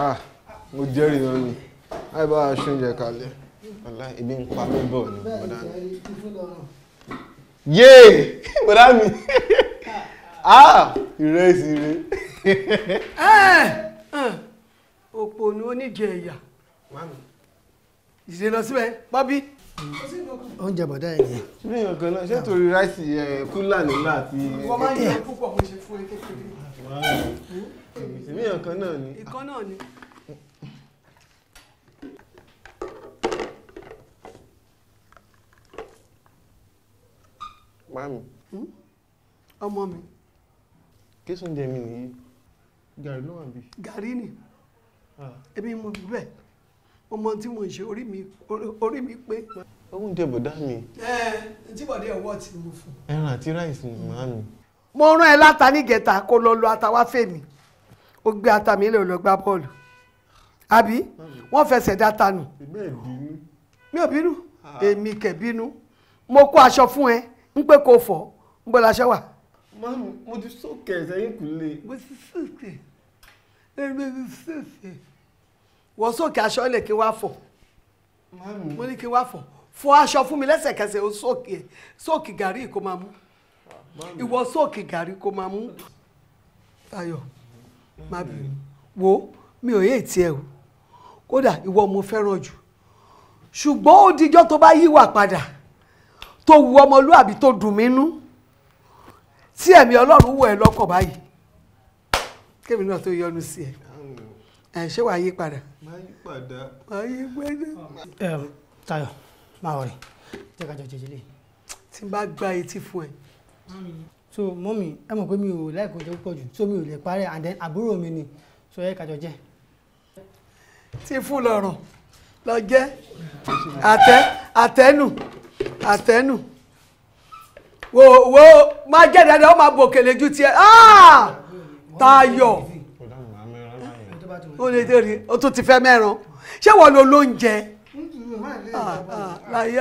ah, mo jẹ́rìí náà ni láì bá aṣọ oúnjẹ kalẹ̀ ọ̀la ibi ń pa mí bọ̀ ni bọ̀dá mi. yéè *laughs* bọ̀dá mi *laughs* ah, ìrẹsì rẹ. *laughs* Eh, eh, òpònú oníjẹ ẹ̀yà ìṣe lọ síbẹ̀ bábí. oúnjẹ bọ̀dá ẹ̀ yẹn. ṣé èèyàn kan náà ṣé torí ráìsì kúlà nílà àti. wọ́n máa ń yọ púpọ̀ mo ṣe fún ẹ kékeré. èèyàn kan náà ni. ìkan náà ni. Mami. Hmm? Ọmọ mi. Kí sóúnjẹ mi nìyí? Gàrí ló wà níbí. Gàrí ni. Ah. Ebi mo bẹ́ẹ̀ ọmọ tí mo ṣe orí mi orí mi pé. ohun jẹ bọ̀dá mi. ẹ tí bọ̀dá ọwọ́ ti mo fún. ẹran àti ráìsì ni màá mi. mo rán ẹ láta ní gẹ̀ta kó lọ lo ata wá fèmí ó gbé ata mi lè lọ gbá bọ́ọ̀lù àbí wọ́n fẹsẹ̀ dáta nù. mi ò bínú ah. èmi kẹ̀ bínú mo kó aṣọ fún ẹ ń pé kó fọ̀ ń gbọ́ laṣọ wà. mo ti sókè sẹ́yìn kùlé. mo ti sókè ẹ̀rọ mi sókè wọ́n sókè aṣọ ilẹ̀ kí wá fọ̀ mo ní kí wá fọ̀ fọ aṣọ fún mi lẹ́sẹ̀kẹsẹ̀ o sókè sókè gàrí kó máa mú ìwọ sókè gàrí kó máa mú Táyọ̀ má bínú wo mi ò yé ìtì ẹ o kódà ìwọ mo fẹ́ràn jù ṣùgbọ́n ó tó bá yíwà padà tó wu ọmọlúàbí tó dùn mí nú tí ẹ̀mí ọlọ́run wọ̀ ẹ́ lọ́kàn báyìí kébì náà tó yọnu sí ẹ ẹ̀ ṣé wàá yí padà ayípadà. ayípadà. ẹ Táyọ̀ máa wọlé jẹ ká jọ jẹjẹ lé tí n bá gba etí fún ẹ. so mọ́mì ẹ mọ̀ pé mi ò láì kó jẹ púpọ̀ jù so mi ò lè parẹ́ and then àbúrò mi ni so ẹ ká jọ jẹ. tí fún lọ́rùn lọ jẹ́ àtẹ àtẹnu àtẹnu wo wo máa jẹ́ dáadáa ó máa bò kèlè ju tiẹ̀ ah! Tayo ó lè dèrè ó tún ti fẹ́ mẹ́ran ṣé ah, ah, ah, wọ́n lo lóúnjẹ. láyé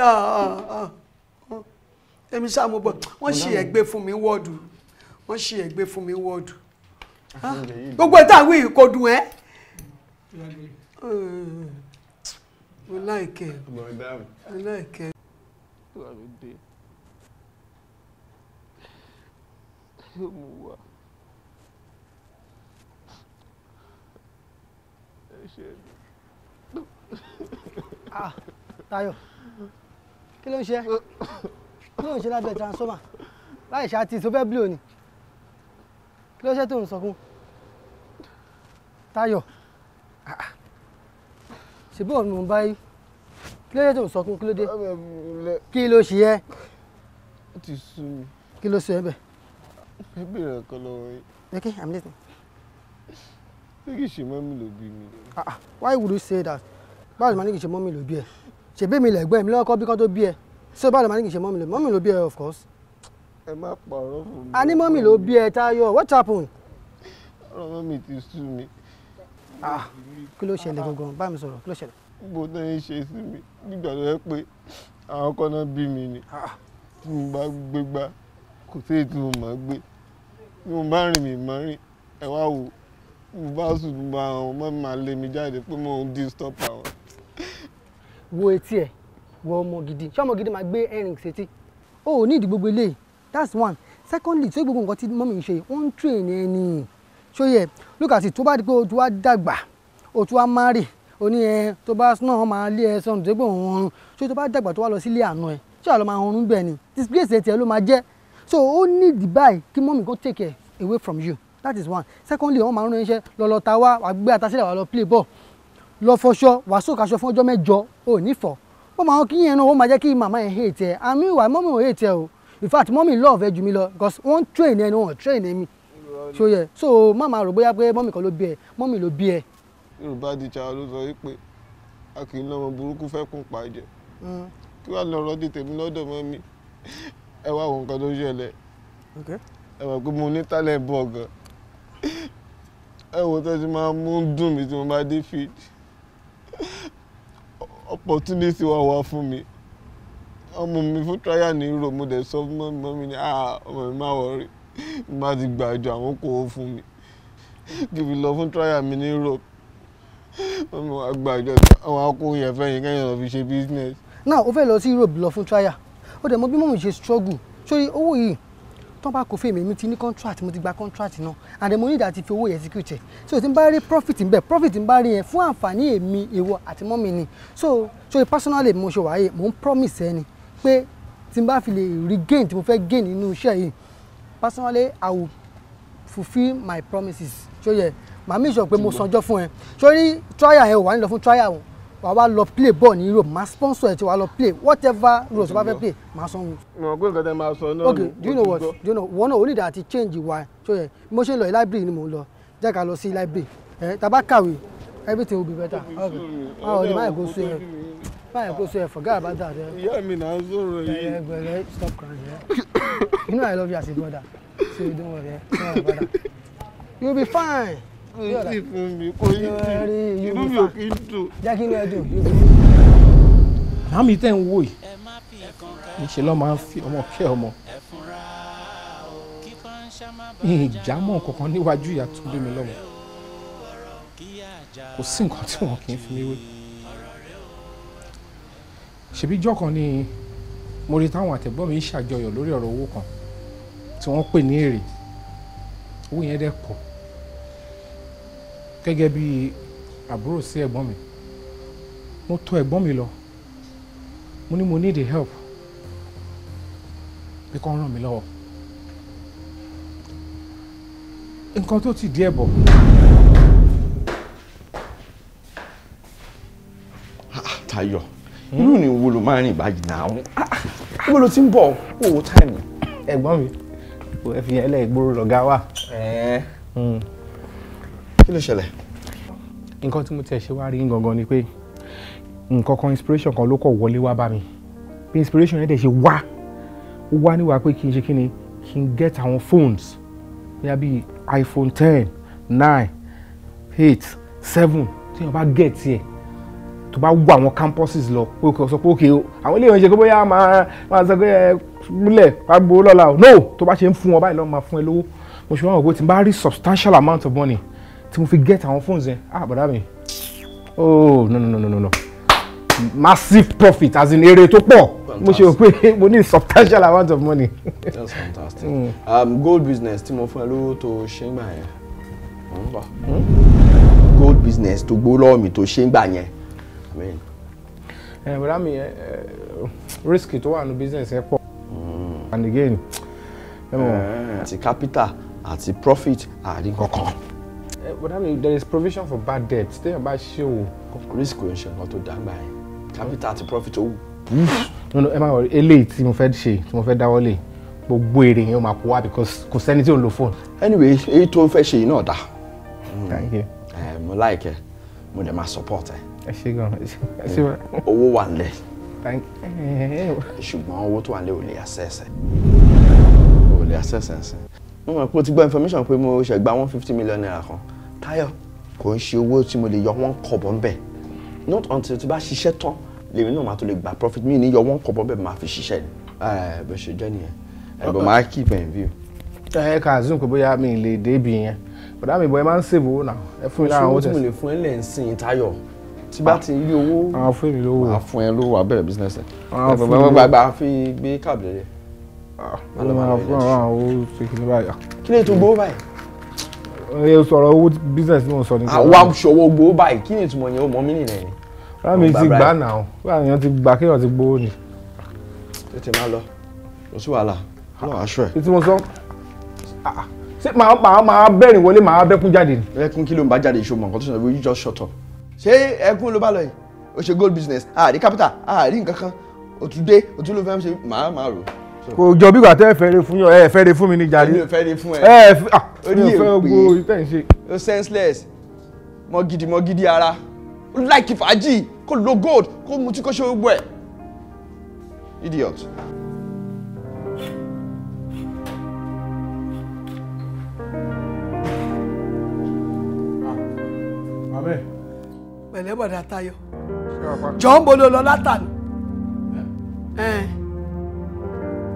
èmi ṣáà mo bọ̀ wọ́n ṣe ẹ̀gbẹ́ fún mi wọ́ọ̀dù wọ́n ṣe ẹ̀gbẹ́ fún mi wọ́ọ̀dù gbogbo ìta àwọn èyí kò dùn ẹ́. mo láìkẹ́ mo láìkẹ́. mo wà. ah Táyọ̀ kí ló ń ṣe kí ló ń ṣe lábẹ́ transformer láì ṣáàtì tó fẹ́ bílò ni kí ló ṣe tó ń sọkún Táyọ̀ ah, ah. ṣèbí ọ̀nà ń báyìí kí ló ṣe tó ń sọkún kí ló dé kí ló ṣe ẹ́ kí ló ṣe ẹ́ bẹ̀. ẹ bèrè ọkọ lọ́wọ́ yìí. okay i'm listening ṣé ṣe mọ́mí ló bí mi. Ah, ah, why would you say that báwo ni màá ní kì ṣe mọ́mí ló bí ẹ ṣèbí mi lẹ́gbẹ́ mi lọ́kọ́ bí kan tó bí ẹ so báwo ni màá ṣe mọ́mí ló bí mọ́mí ló bí ẹ of course. ẹ má pààrọ̀ fún mi. a ní mọ́mí ló bí ẹ Táyọ̀ what happened. ọ̀rọ̀ mọ́mí ti sú mi. Ah, kí ló ṣẹlẹ̀ gangan bá mi sọ̀rọ̀ kí ló ṣẹlẹ̀. bó tẹ́ ń ṣe sí mi nígbà tó yẹ pé àwọn kan náà bí mi ni tí mo bá gbégbá kò sí èyí mo máa gbé mo bá rìn mi máa rìn ẹ wá wò bùbáṣù gbogbo àwọn ọmọ mi máa lé mi jáde pé mo ń disturb àwọn. wo etí ẹ wọ ọmọ gidi ṣé ọmọ gidi máa gbé earring sétí o ní ìdí gbogbo eléyìí that's one secondly tí gbogbo nǹkan tí mọ́mí ń ṣe wọ́n ń train ẹni ṣóyẹ lókàtí tó bá di pé o ti wá dàgbà o ti wá márì o ní ẹ tó bá náà máa lé ẹ sọnù tó gbé òun ọrùn ṣé tó bá dàgbà tó wá lọ sílé àná ẹ ṣé àlọ́ máa ọrùn bẹ́ẹ̀ ni disgrace ẹ̀ tiẹ̀ ló máa jẹ́ so ó ní ìdí báyìí kí mọ́mí kó take away from you that is one secondly wọ́n máa ń ránṣẹ́ lọ́lọ́ ta wá wàá gbé àtàsílẹ̀ wàá lọ play ball lọ fọṣọ wàá sókàṣọ fún ọjọ́ mẹ́jọ ò ní fọ̀ wọ́n máa ń kí yẹn náà wọ́n máa jẹ́ kí màmá yẹn hate ẹ̀ àmì ìwà mọ́mì ò hate ẹ̀ o in fact mọ́mì love ẹ jù mí lọ because wọ́n train ẹni wọ́n train ẹni so yẹ so má máa rò bóyá pé mọ́mì kan ló bí ẹ mọ́mì ló bí ẹ. yorùbá di cha ló sọ wípé a kì í lọmọ burúkú fẹ́ kún pa jẹ mm. kí wàá lọ rọ́ọ̀dì tèmi lọ́dọ̀ mọ́mì ẹ wá àwọn nǹkan tó ṣẹlẹ̀ ẹ mọ̀ pé mo ní talent bọ̀ gan ẹ wo tó ṣe máa mú dùn mí tí mo bá dé field opportunity wà wá fún mi ọmọ mi fún trial ní rò mo dẹ̀ sọ fún mọ́ mi ní ọmọ mi má wọrí má ti gbà jù àwọn kò ó fún mi kí fi lọ fún trial mi ní rò ọmọ wa gbà jù àwọn akóhùn yẹn fẹ́yìn kẹ́yìn lọ fi ṣe business. now o fẹ́ lọ sí Europe lọ fún trial ó dẹ̀ mọ̀ bí mọ̀mí ṣe struggle sórí owó yìí tó bá kò fún èmi ti ní contract mo ti gba contract náà and then mo need àti fi owó yẹn secure check so tí n bá rí profit n bẹ profit n bá rí yẹn fún àǹfààní èmi ìwọ àti mọ́mi ni so so personally mo ṣe wáyé mo ń promise ẹni pé tí n bá fi lè regain tí mo fẹ́ gain nínú iṣẹ́ yìí personally i will fulfil my promises so yẹ màá mi sọ pé mo sanjọ́ fún ẹ sórí trial ẹ ò wá nílọ fún trial o wàá wá lọ play ball ní Europe máa sponsor ẹ tí wàá lọ play whatever roles wàá fẹ́ play máa sanwó. mo gbé nǹkan tẹ máa sọ náà. ok do you know what do you know wọn náà onídàá ti change wa so yẹ mo ṣe ń lọ library ni mo ń lọ jẹ́ ká lọ sí library ẹ eh, tá kàwé everything will be better okay ah ọ̀dẹ̀ oh, máa go so ẹ máa go so ẹ forget about that. Eh. ìyá mi náà ń sọ̀rọ̀ yìí. ẹ eh, gbẹ̀rẹ̀ stop crying ẹ *coughs* you know I love you as a brother so you don't worry ẹ you be fine kò sí fún mi kò sí inú mi ò kí ń dùn. jẹ́ kí inú ẹ dùn. àmì tẹ́ ń wò yìí níṣẹ́ ló máa ń fi ọmọ kẹ́ ọmọ ìjàmọ̀ kankan níwájú ìyá tó bí mi lọ́mọ kò sí nǹkan tí wọn kì í fi mí wé ṣebí jọ́kan ni mo rí táwọn àtẹ̀gbọ́n mi ń ṣàjọyọ̀ lórí ọ̀rọ̀ owó kan tí wọ́n pè ní èrè owó yẹn dẹ̀ pọ̀ gẹ́gẹ́ bí àbúrò sí ẹ̀gbọ́n mi mo tọ̀ ẹ̀gbọ́n mi lọ mo ní mo need a help pé kó ràn mí lọ́wọ́ nǹkan tó ti díẹ̀ bọ̀. Ah, ah, tayo. inú ni wo ló máa rìn báyìí náà níbo ló ti ń bọ̀ owó táìmù. ẹ̀gbọ́n mi ẹ fi yẹn lọ́gá wa kí ló ṣẹlẹ̀. nǹkan tí mo tiẹ̀ ṣe wá rí gangan ni pé nǹkan kan inspiration kan ló kọ̀ wọlé wá bá mi bí inspiration yẹn dẹ̀ ṣe wá ó wá níwàá pé kí n ṣe kí ni kí n get àwọn phones bóyá bíi iphone ten nine eight seven tí wọ́n bá get yẹ tó bá wọ àwọn campuses lọ pé kò sọ pé òkè o àwọn ilé ìwé ṣe pé bóyá máa máa sọ pé ẹ múlẹ̀ wá gbowó lọ́la o no tó bá ṣe ń fún wọn báyìí lọ́ọ́ máa fún ẹ lówó mo ṣe wọ́n mọ̀ pé tí n bá rí substantial amount of money tí mo fi get àwọn phones yẹn ah bàdá mi oh no no no no no massive profit as in èrè tó pọ̀ mo ṣe rò pé *laughs* mo ní substantial amount of money. that's fantastic mm. um, gold business tí mo fún ẹ lówó tó ṣe ń gbà yẹn hmm? gold business tó gbó lọ́wọ́ mi tó ṣe ń gbà yẹn amen. ẹ eh, bàdá mi eh, eh, risk tó wà ní business yẹn pọ̀ hmm. and again. àti capital àti profit àrí kankan but eh, I mean there is provision for bad debts. téèyàn are ṣe o. risk ò not to nǹkan tó dàgbà yẹn capital àti profit no no ẹ máa wọ eléyìí tí mo fẹ́ ṣe tí mo fẹ́ dáwọ́ lé gbogbo èrè yẹn ó máa kó wá because kò sẹ́ni tí ò ń phone. anyway you tó ń fẹ́ ṣe yìí náà mm. thank you. I eh, mo like ẹ mo dẹ̀ máa support ẹ. ẹ ṣe gan ẹ ṣe eh, wá. owó wà nílẹ̀. thank you. I should tó on nílẹ̀ ò lè access ẹ ò lè access ẹ mo mọ̀ pé o ti gbọ́ information pé mo ṣẹ̀ gba one fifty million naira kan Táyọ̀ kò ń ṣe owó tí mo lè yọ wọ́n kọ̀bọ̀ ń bẹ̀ not until tí bá ṣiṣẹ́ tán lèmi náà máa tó lè gba profit mi ní yọ wọ́n kọ̀bọ̀ bẹ̀ máa fi ṣiṣẹ́ ni bó ṣe jẹ́ nìyẹn ẹ̀bùn máa keep in view. ẹ ká zoom pé bóyá mi lè dé ibi yẹn bọ̀dá mi bọ̀ ẹ máa ń sèbò ó náà ẹ fún mi láwọn owó tẹ̀sí. fún ẹ lẹ́yìn tí bá ti rí owó. àwọn fún mi lówó. àwọn ẹ lówó àbẹ̀rẹ̀ business ẹ̀. àwọn fún mi lówó. gbàgbà fi gbé káàbì lẹ́yìn wọ́n máa fún àwọn owó ṣe kí ní báyà. kí lè tó gbowó báyìí. ẹ sọ̀rọ̀ owó business ni mo sọ nípa. àwa ṣòwò gbowó báyìí kí ni ìtumọ̀ yẹn ó mọ mí nìyẹn ni. rámi ti gbà náà báyìí èèyàn ti gbà kéèyàn ti gbowó ni. tètè máa lọ kò sí wàhálà lọ aṣọ ẹ. tí mo sọ ah, ṣé màá màá màá bẹ́rìn wọlé màá bẹ́kún jáde ni. ẹkún kí ló ń bá jáde ìṣòwò nǹkan tó ṣe you just shut up. ṣé ẹkún ló bá lọ yìí o ṣe gold business àárí capital àárí nǹkan kan òtúndé òtúndé ló fẹ́ ṣe màá màá rò ó kò jọ bí gbàtẹ́ fẹ́rẹ̀ fún yàn ẹ fẹ́rẹ̀ fún mi ní jàre. ẹ fẹ́rẹ̀ fún ẹ. ẹ fẹ́ ah mi ò gbogbo ìtẹ̀ ń ṣe. o senseless mọ́gidi mọ́gidi ara ó láìkì fàájì kó lo gold kó mutí kó ṣe gbogbo ẹ̀ idiot. Ah, pẹ̀lẹ́ bọ̀dà Táyọ̀ jọ̀ ń bolo lọ látàlú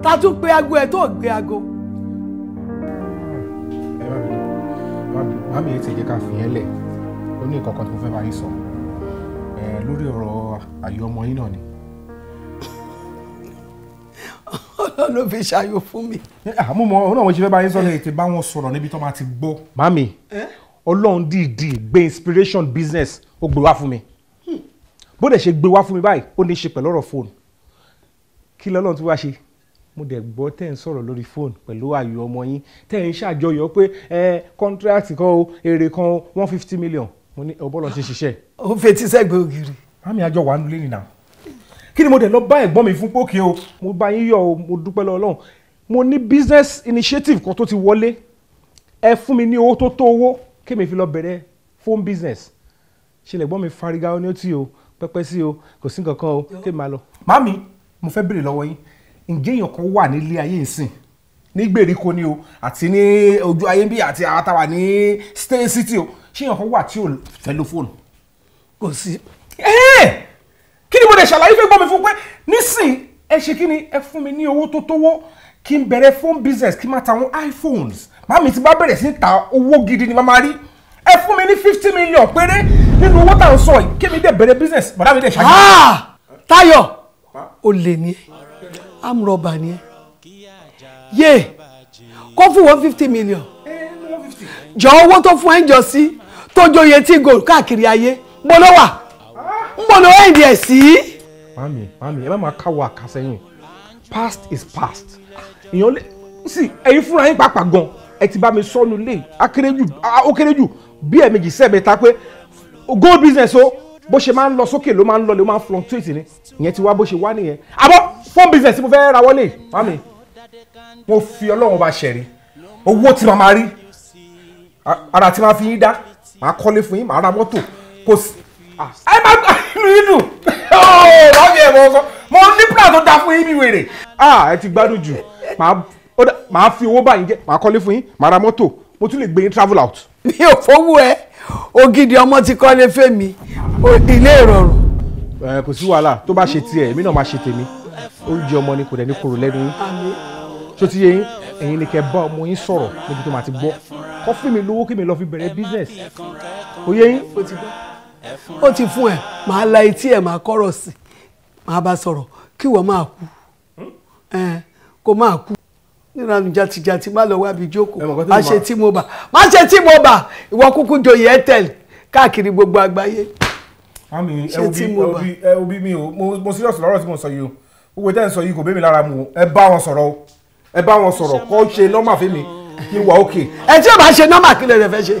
ta tún pe aago ẹ tó gbé aago. ẹ má bínú màmí ẹ ti jẹ́ ká fi yẹn lẹ̀ ó ní ìkọ̀kan tó fẹ́ bá yín sọ lórí ọ̀rọ̀ àyọ̀ ọmọ yín náà ni. ọlọ́run ló fi ṣàyò fún mi. àmú mọ ọ náà mo ṣe fẹ́ bá yín sọ ní ètè bá wọn sọ̀rọ̀ níbi tó máa ti gbọ́. màmí ọlọ́run dìídì gbé inspiration business ó gbé wá fún mi hmm. bó dẹ̀ ṣe gbé wá fún mi báyìí ó ní í ṣe pẹ̀lú ọ̀rọ̀ fóònù kí lọ́lọ́run tí wàá ṣe mo dẹ̀ gbọ́ tẹ̀ ń sọ̀rọ̀ lórí fóònù pẹ̀lú ayọ̀ ọmọ yín tẹ̀ ń ṣàjọyọ̀ pé kọ́ńtíráàtì kan o èrè kan o one fifty million mo ní ọbọ̀ lọ ṣe ṣiṣẹ́. ó fetí sẹ́gbẹ̀ẹ́ ògiri. mami àjọ wà nílé nìyà kí ni mo dẹ̀ lọ bá ẹ̀gbọ́n mi fún pókè o mo bá yín yọ̀ o mo dúpẹ́ lọ́ ọlọ́run mo ní business initiative kan tó ti wọlé ẹ fún mi ní owó tó tó owó kémi fi lọ bẹ̀rẹ̀ phone business ṣe lẹ̀gbọ́n mi fariga ó ní ó tì o pẹ́pẹ́ sí o kò sí nǹkan kan o kémi máa lọ. mami mo fẹ́ béèrè lọ́wọ́ yín ǹjẹ́ èèyàn kan wà nílé ayé ìsìn ní gbèríko ni o àti ní ojú ayé bí àti àwọn ní stay city o ṣé èèyàn kan wà tí ò fẹ́ lo fóònù. kò sí. kí ni mo lè ṣàlàyé fẹ́ gbọ́ mi fún pé nísìn ẹ ṣe kí ni ẹ fún mi ní owó tó tówó kí n bẹ̀rẹ̀ phone business kí n máa ta àwọn iPhones màmí ti bá bẹ̀rẹ̀ sí ní ta owó gidi ni màmá rí ẹ fún mi ní fifty million péré nínú owó tá à ń sọ yìí kémi dẹ̀ bẹ̀rẹ̀ business bàdá mi dẹ̀ ṣáájú. Ah! Táyọ̀ o lè ní amúrọ̀bà ni ẹ yé kó fún one fifty million jọ owó tó fún ẹ ń jọ sí tó jóye tí gold káàkiri ayé mo ló wà ń bọ̀ lọ́wọ́ ìdí ẹ̀ sí. mami mami ẹ má máa káwọ àkàsẹ́yìn past is past èèyàn lè sí ẹ̀yin fúnra yín pàápàá gan ẹ ti bá mi sọnù lé akérèjù ó kéré jù bí ẹ̀ méjì sẹ́ẹ̀mẹ́ta pé gold business o. So, bó ṣe máa ń lọ sókè ló máa ń lọ ló máa ń fluctuate ni ìyẹn ti wá bó ṣe wá nìyẹn àbọ̀ phone business mo fẹ́ ra wọlé mami mo fi ọlọ́run bá ṣẹ̀rí owó tí màá máa rí ara tí màá fi yín dá màá kọ́lé fún yín màá ra mọ́tò kò sí ah, ẹ má gbà inú yín dùn wọ́n fi ẹ̀wọ̀n sọ mo ní plan tó dáa fún yín mi wèrè ah, ẹ ti gbádùn jù màá fi owó báyìí jẹ màá kọ́lé fún yín màá ra mọ́tò mo tún lè gbé yín travel out. mi ò fowó ẹ ògidì ọmọ ti kọ́lé fèmí ilé ìrọ̀rùn. ẹ kò sí wàhálà tó bá ṣe tiẹ̀ èmi náà máa ṣe tèmi oúnjẹ ọmọ ni kò dẹ̀ ní kòrò lẹ́nu yín tó ti yé yín ẹ̀yin ni kẹ́ bá ọmọ yín sọ̀rọ̀ níbi tó máa ti gbọ́ kọ́ fún mi lówó kí mi lọ́ọ́ fi bẹ̀rẹ̀ business ó yé yín. ó ti fún ẹ màá la etí ẹ màá kọ́rọ̀ sí màá bá sọ̀rọ̀ kí wọ́n máa kú kó máa kú ìranu jatijati má lọ wábi jókòó má ṣe tí mo bà má ṣe tí mo bà ìwọ kúkú joyè airtel káàkiri gbogbo àgbáyé ṣe tí mo bà. ẹ obi mi o mo serious lọ́rọ̀ tí mo sọ yìí o gbogbo tẹ́ ń sọ yìí kò bẹ́ mi lára mu o ẹ bá wọn sọ̀rọ̀ o ẹ bá wọn sọ̀rọ̀ kọ́ ṣe nọ́mà fún mi kí wà ókè. ẹ tí o bá ṣe nọ́mà kí lè fẹ́ ṣe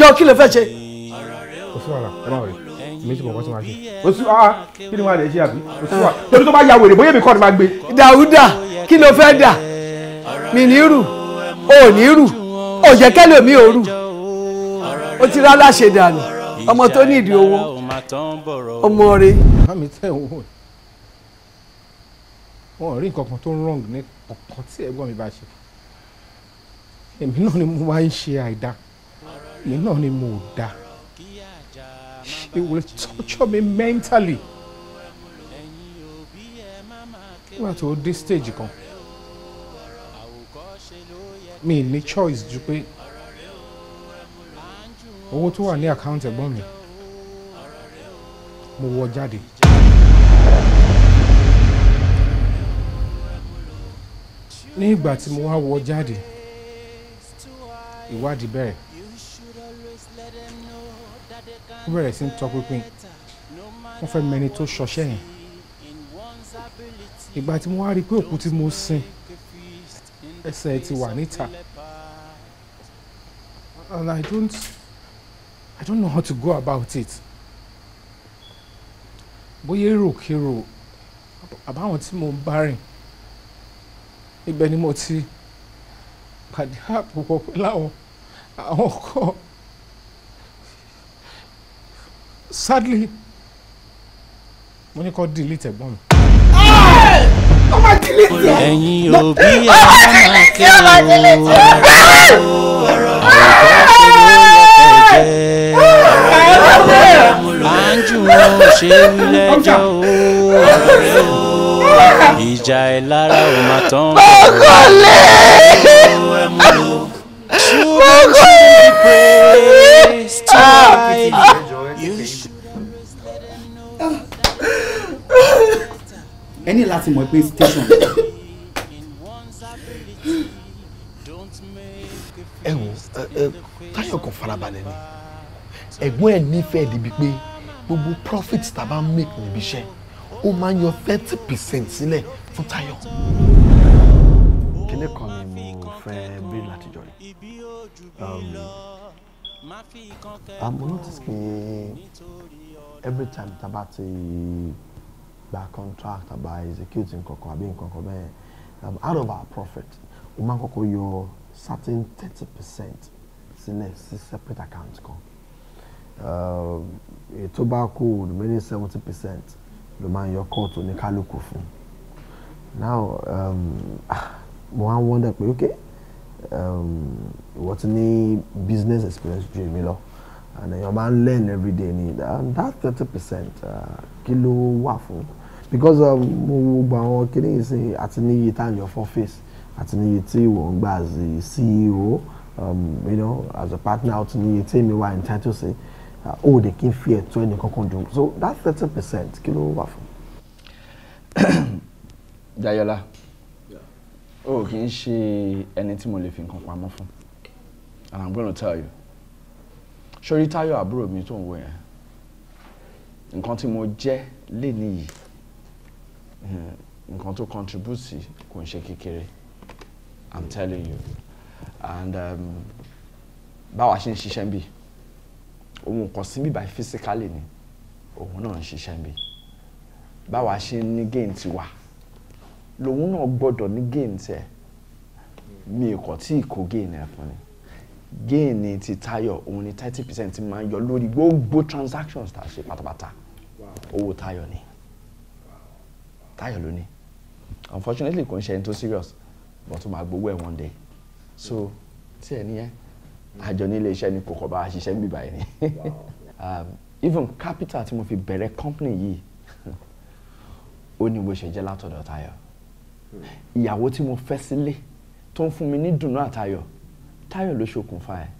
jọ kí lè fẹ́ ṣe. kò sí ẹ má wọlé mi ti mọ̀ wọ́n ti máa ṣe o sì ah kí ni wọ́n á lè ṣe àbí o sì wà torí tó bá ya wèrè bóyá èmi kọ́ ni máa gbé. dàúdà kí ló fẹ́ dà mí ní rù ò ní rù ò jẹ́ kẹ́lò mi ò rù ó ti rárá ṣe dànù ọmọ tó ní ìdí owó ọmọ rẹ. àmì tẹ̀ wọ́n wọn rí nǹkan kan tó wrong ní kọ̀ọ̀kan tí ẹ̀gbọ́n mi bá ṣe èmi náà ni mo máa ń ṣe àìdá èmi náà ni mo ò dáa. It will torture me mentally. Nígbà tó dé stage kan, mi ní choice ju pé owó tó wà ní account ẹ̀gbọ́n mi mo wọ jáde. Ní ìgbà tí mo wá wọ jáde, ìwádìí bẹ̀rẹ̀ ó bẹ̀rẹ̀ sí ń tọpinpin wọ́n fẹ́ mẹni tó ṣọṣẹ́ yẹn ìgbà tí mo wá rí i pé òkú tí mo sin ẹsẹ̀ ti wà níta and I don't I don't know how to go about it bóyá èròkèrò àbáwọn tí mo bá rìn ibẹ̀ ni mo ti pàdé àpò pọ̀ pẹ̀lú àwọn àwọn kan sadly mo ní kó delete ẹ̀gbọ́n mi. ó máa delete ẹ. ẹ̀yin òbí ẹ̀ ah! ah! máa kí ọ̀rọ̀ ọ̀rọ̀ àjù wọn ò ṣe ń lẹ́jọ́ o ìjà ẹ̀ lára ò máa tán. mọ́kànlé mọ́kànlé. ẹ ní láti mọ̀ pé station. ẹ wo táyọ̀ kan farabalẹ̀ ni ẹ̀gbọ́n ẹ̀ nífẹ̀ẹ́ débi pé gbogbo profit tá make níbi iṣẹ́ ó máa ń yọ thirty percent sílẹ̀ fún táyọ̀. kílẹ̀ kan ni mo fẹ́ bí látijọ́ yìí àmọ́ um, notice pé every time tá a bá àbá contract àbá execute nkankan àbí nkankan bẹ́ẹ̀ um, out of our profit o máa ń kọ́kọ́ yọ certain thirty percent sílẹ̀ sí separate account kan um, ètò bá kú remaining seventy percent ló máa ń yọ kóòtù oníkálukú fún now um, mo wá ń wonder pé okay ìwọ ti ní business experience ju èmi lọ and èèyàn máa ń learn every day ni that thirty percent uh, kí ló wà fún because mo gbogbo àwọn kíní ìsìn àti níyì tá à ń yọ fún face àti níyì tí wọ́n gbà as a CEO um, you know as a partner out níyì tí èmi wà entitled sí uh, ó de kí n fi ẹ̀tọ́ ẹnì kankan dùn so that thirty percent kí ló wà fún. *coughs* Dayola o kì í ṣe ẹni tí mo lè fi nǹkan pamọ́ fún and I'm gonna tell you sori Táyọ̀ àbúrò mi tó ń wo yẹn nǹkan tí mo jẹ́ lé nìyí Eh, nǹkan tó contribute sí kò ń ṣe kékeré i'm telling you and um, báwa ṣe ń ṣiṣẹ́ ń bì òun kò sí bíbá physically ni òun náà ń ṣiṣẹ́ ń bì báwa ṣe ń ní gain tiwa lòun náà gbọ́dọ̀ ní gain tiẹ̀ mi kò tí ì kó gain ẹ̀ fún ni gain ni ti Táyọ̀ òun ni thirty percent máa ń yọ lórí gbogbo transactions tá a ṣe pátápátá owó Táyọ̀ ni. Tayo ló unfortunately kò ń ṣe ẹni serious but ó máa gbowó ẹ̀ one day so tí ẹ níyẹn àjọ ní ilé iṣẹ́ ni kò kọ̀ bá a ṣiṣẹ́ ń bì báyìí ni *laughs* um, even capital tí mo fi bẹ̀rẹ̀ company yìí *laughs* ó ní bó ṣe jẹ́ látọ̀dọ̀ Táyọ̀ hmm. ìyàwó tí mo fẹ́ sílé tó ń fún mi ní dùnnú àtayọ̀ Táyọ̀ ló ṣokùnfà ẹ̀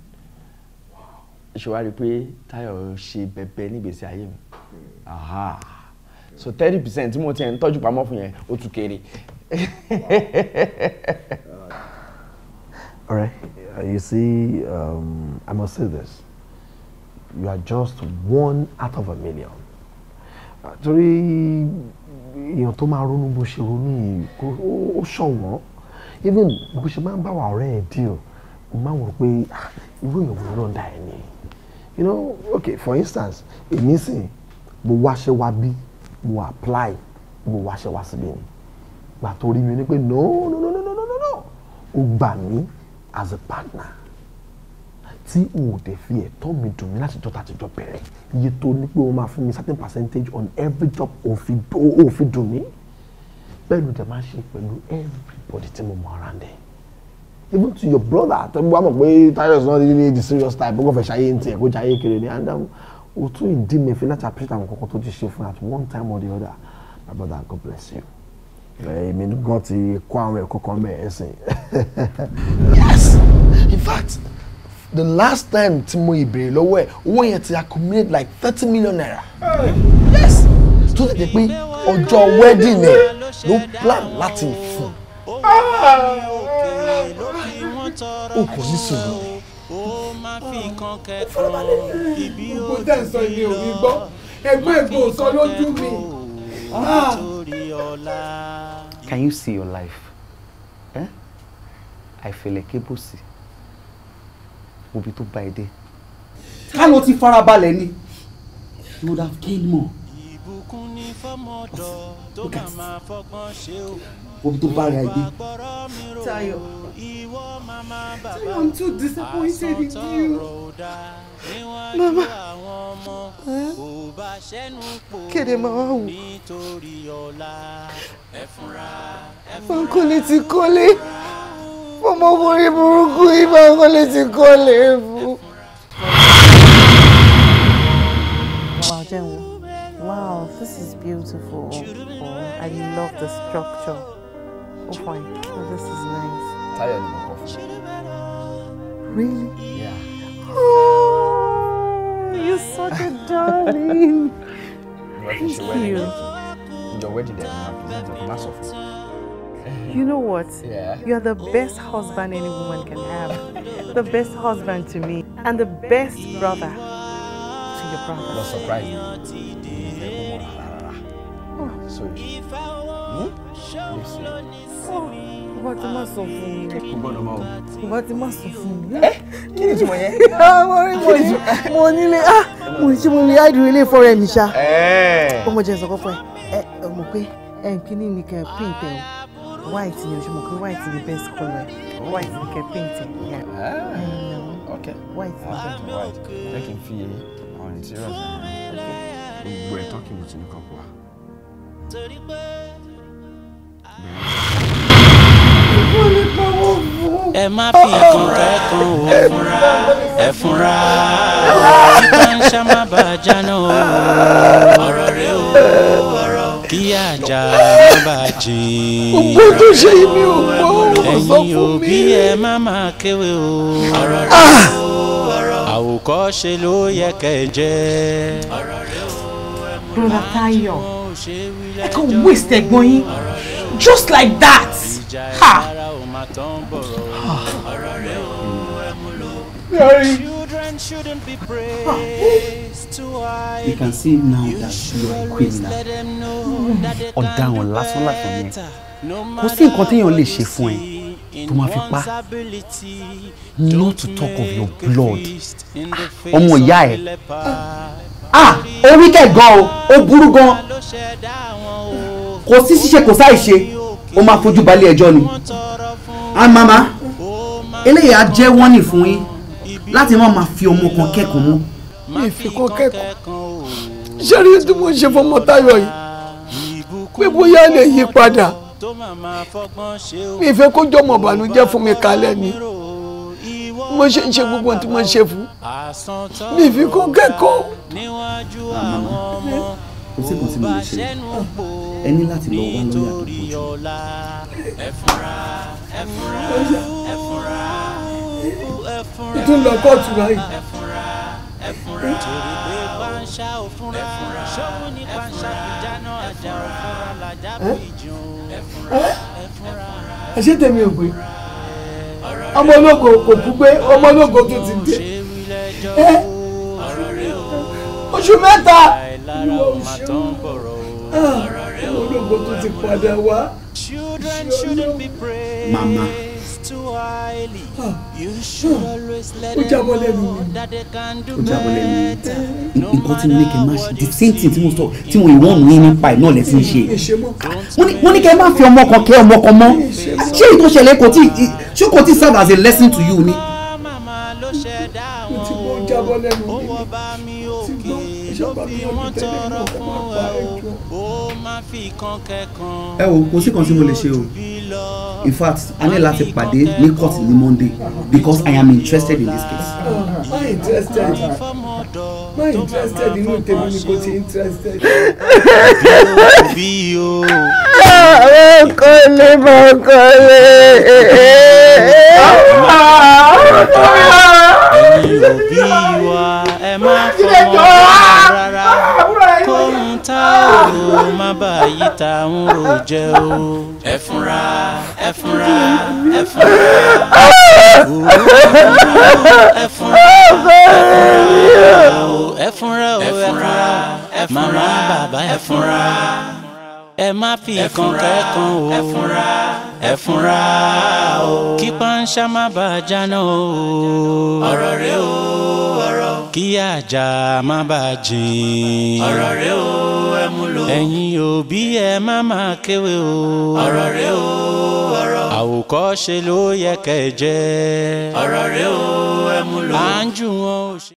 ṣe wá rí i pé Táyọ̀ ṣe bẹbẹ nígbésí ayé mi. Hmm. Aha so thirty percent tí mo ti ẹ̀ ń tọ́jú pamọ́ fún yẹn ó tún kéré. *laughs* All right. Uh, you see, um, I must say this. You are just one out of a million. Uh, torí èèyàn tó máa ronú bó ṣe ronú yìí ó ṣọ̀wọ́n. Even bó ṣe máa ń bá wa ọ̀rẹ́ ẹ̀ díò, mo máa ń wò pé ah, irú èèyàn wo ló ń da ẹ̀ ni. You know, okay, for instance, èmi sìn mo wáṣẹ́ wá bí mo apply mo wáṣẹ wá síbi ni gbà tó rí mi ní pé no no no no no no no o gbà mí as a partner tí o ò dẹ̀ fi ẹ̀tọ́ mi dùn mí láti jọ tàti jọ bẹ̀rẹ̀ iye tó ní pé o máa fún mi certain percentage on every job òfin dùn mí bẹ́ẹ̀ ló dẹ̀ máa ṣe pẹ̀lú everybody tí mo mọ around there even to your brother tẹ́gbọ́n àmọ̀ pé Tayo is not really the serious type ó kàn fẹ́ ṣayé ń tiẹ̀ kó jayé kiri ni and um, o tún ìdí mi fi láti appreciate àwọn kọ̀ọ̀kan tó ti ṣe fún at one time or the other my brother God bless you eh, èmi gan ti kọ́ àwọn ẹ̀kọ́ kan bẹ́ẹ̀ ẹ̀sìn. *laughs* yes in fact the last time tí mo ìbèrè lọ́wọ́ ẹ̀ owó yẹn ti accumulate like thirty million naira yes tó ti di pé ọjọ́ wedding ẹ̀ ló plan láti fún un. Ah! o kò ní sùúrù fi ah. kan kẹ́kọ̀ọ́ ibi ó ti lọ ẹgbẹ́ ìgbò sọ lójú mi. Ah. Can you see your life? Eh? I feel àìfẹ̀lẹ̀kẹ́ bòsì òbí be too bad dé. ká ló see farabalẹ̀ ni you would have gained more. Look at fọmọdọ tó be too bad ṣe o. òbí ìwọ mama baba so i'm too disappointed in you mama kéde máa wá wò fankole ti kọ́lé fọmọ orí burúkú yìí fankole ti kọ́lé fún. Wow, this is beautiful. Oh, I love the structure. Oh, fine. Oh, this is nice. Táyọ̀ ni mo kọ Really? Yeah. Oh, you're such a *laughs* darling. Thank you. Your wedding day, mass of You know what? Yeah. You're the best husband any woman can have. the best husband to me. And the best brother to your brother. You're surprised. Ah. Oh. So, hmm? Listen. Oh. bá ti má sọ fún mi. kò gbọ́dọ̀ mọ o. kò bá ti má sọ fún mi. ẹ eh, kí ni ìtumọ̀ yẹn. *laughs* Ah, mo rí mo jù mo nílé ah, mo ṣe mo lè áìdù ilé ìfọ̀rọ̀ ẹ̀mí ṣá. ọmọ eh. jẹ́ sọ kọ́kọ́ ẹ eh, ẹ mọ̀ pé ẹ n kíní ni kẹ paint ẹ white ni o ṣe mọ̀ pé white ni best colour oh. white ni kẹ paint ẹ. Ah, mm, ok white ni kẹ white jẹ́ kí n fi àwọn ìtìrọ̀ gbogbo ẹ̀ tọ́kì mo ti ní kọ́kọ́ wa ẹ má fi ìkànkẹ́ kan ò fúnra ẹ fúnra ìbánṣá má bà á jáná o ọ̀rọ̀ rẹ o kí àjà má bà á jìn. ògbó tó ṣe ẹ̀yin òbí ẹ má máa kéwé o ọ̀rọ̀ rẹ o ah! àwòkọ́ṣe ló yẹ kẹ́ ẹ jẹ́. brother Tayo ẹ kàn waste ẹ̀gbọ́n yín just like that. Ha máa tán bọ̀rọ̀ ọ̀rọ̀ ah. rẹ̀ Children shouldn't be ah. praised too high. You can see now that you are a hmm. criminal. Ọ̀daràn lásánlàsán yẹn. Kò sí nǹkan téèyàn lè ṣe fún ẹ tó máa fi pa. Not to talk of your blood. Ọmọ ìyá ẹ̀ ah ó wicked gan o ó burú go. kò sí she kò sáì ṣe ó máa fojú balẹ̀ ẹjọ́ ni and mama oh, eléyìí á jẹ́ wọ́nì fún yín láti má máa fi ọmọ kan kẹ́kọ̀ọ́ mọ́. mi fi kan kẹ́kọ̀ọ́ ṣé rí tí mo ṣe fọmọ Táyọ̀ yìí pé bóyá lè yí padà mi fẹ́ kó jọmọ ìbànújẹ́ fún mi kalẹ̀ ni mo ṣe ń ṣe gbogbo tí mo ṣe fún mi fi kẹ́kọ̀ọ́. mama kò sí kò sí mo lè ṣe ẹ láti lọ wá lóyà tó tún lọ kóòtù báyìí. torí pé panṣá ò fúnra ṣòwò ní panṣá kò dáná àjà ò fúnra làjà bí ìjùn. ẹ ṣé tèmi ò gbé ọmọ ológo kò kú gbé ọmọ ológo tó ti dé oṣù mẹ́ta ah, ológo tó ti padà wá. Children shouldn't be praised Mama. too highly. Ah. Ah. You should always let them know that they can do better. Eh, nǹkan tí mo ní kẹ́ máa ṣe the same thing tí mo sọ tí mo ìwọ́n mi nípa ẹ̀ náà lẹ ti ń ṣe mo ní kẹ́ máa fi ọmọ kan kẹ́ ọmọ kan mọ́ ṣé ìtò ṣẹlẹ̀ kò tí ṣé kò tí serve as a lesson to you ni. mo ti bọ́ jábọ́ lẹ́nu mi tí mo ìṣàbàbí ọ̀dọ̀ tẹ́lẹ̀ mi ọ̀dọ̀ máa ẹ wo kò sí kan tí mo lè ṣe o in fact a ní láti pàdé ní court ní monday because i am interested in this case. má interested má interested inú tèmi ni kò ti interested. àwọn kọ́lé mọ̀ kọ́lé. ẹ̀yin òbí wa ẹ má fọwọ́ tá o má bàa yí ta ń rò jẹ o. ẹ fúnra ẹ fúnra ẹ fúnra ẹ fúnra ẹ fúnra ẹ fúnra màmá bàbá ẹ fúnra ẹ má fi kànkẹ́ kan o ẹ fúnra o. kí panṣá má bàa jáná o. ọ̀rọ̀ rẹ o ọ̀rọ̀. kí àjà má bàa jìn. ọ̀rọ̀ rẹ o ẹ mú lò. ẹ̀yin òbí ẹ má máa kéwé o. ọ̀rọ̀ rẹ o ọ̀rọ̀. àwòkọ́ṣe ló yẹ kẹ́ ẹ jẹ́. ọ̀rọ̀ rẹ o ẹ mú lò. à ń jù wọn o.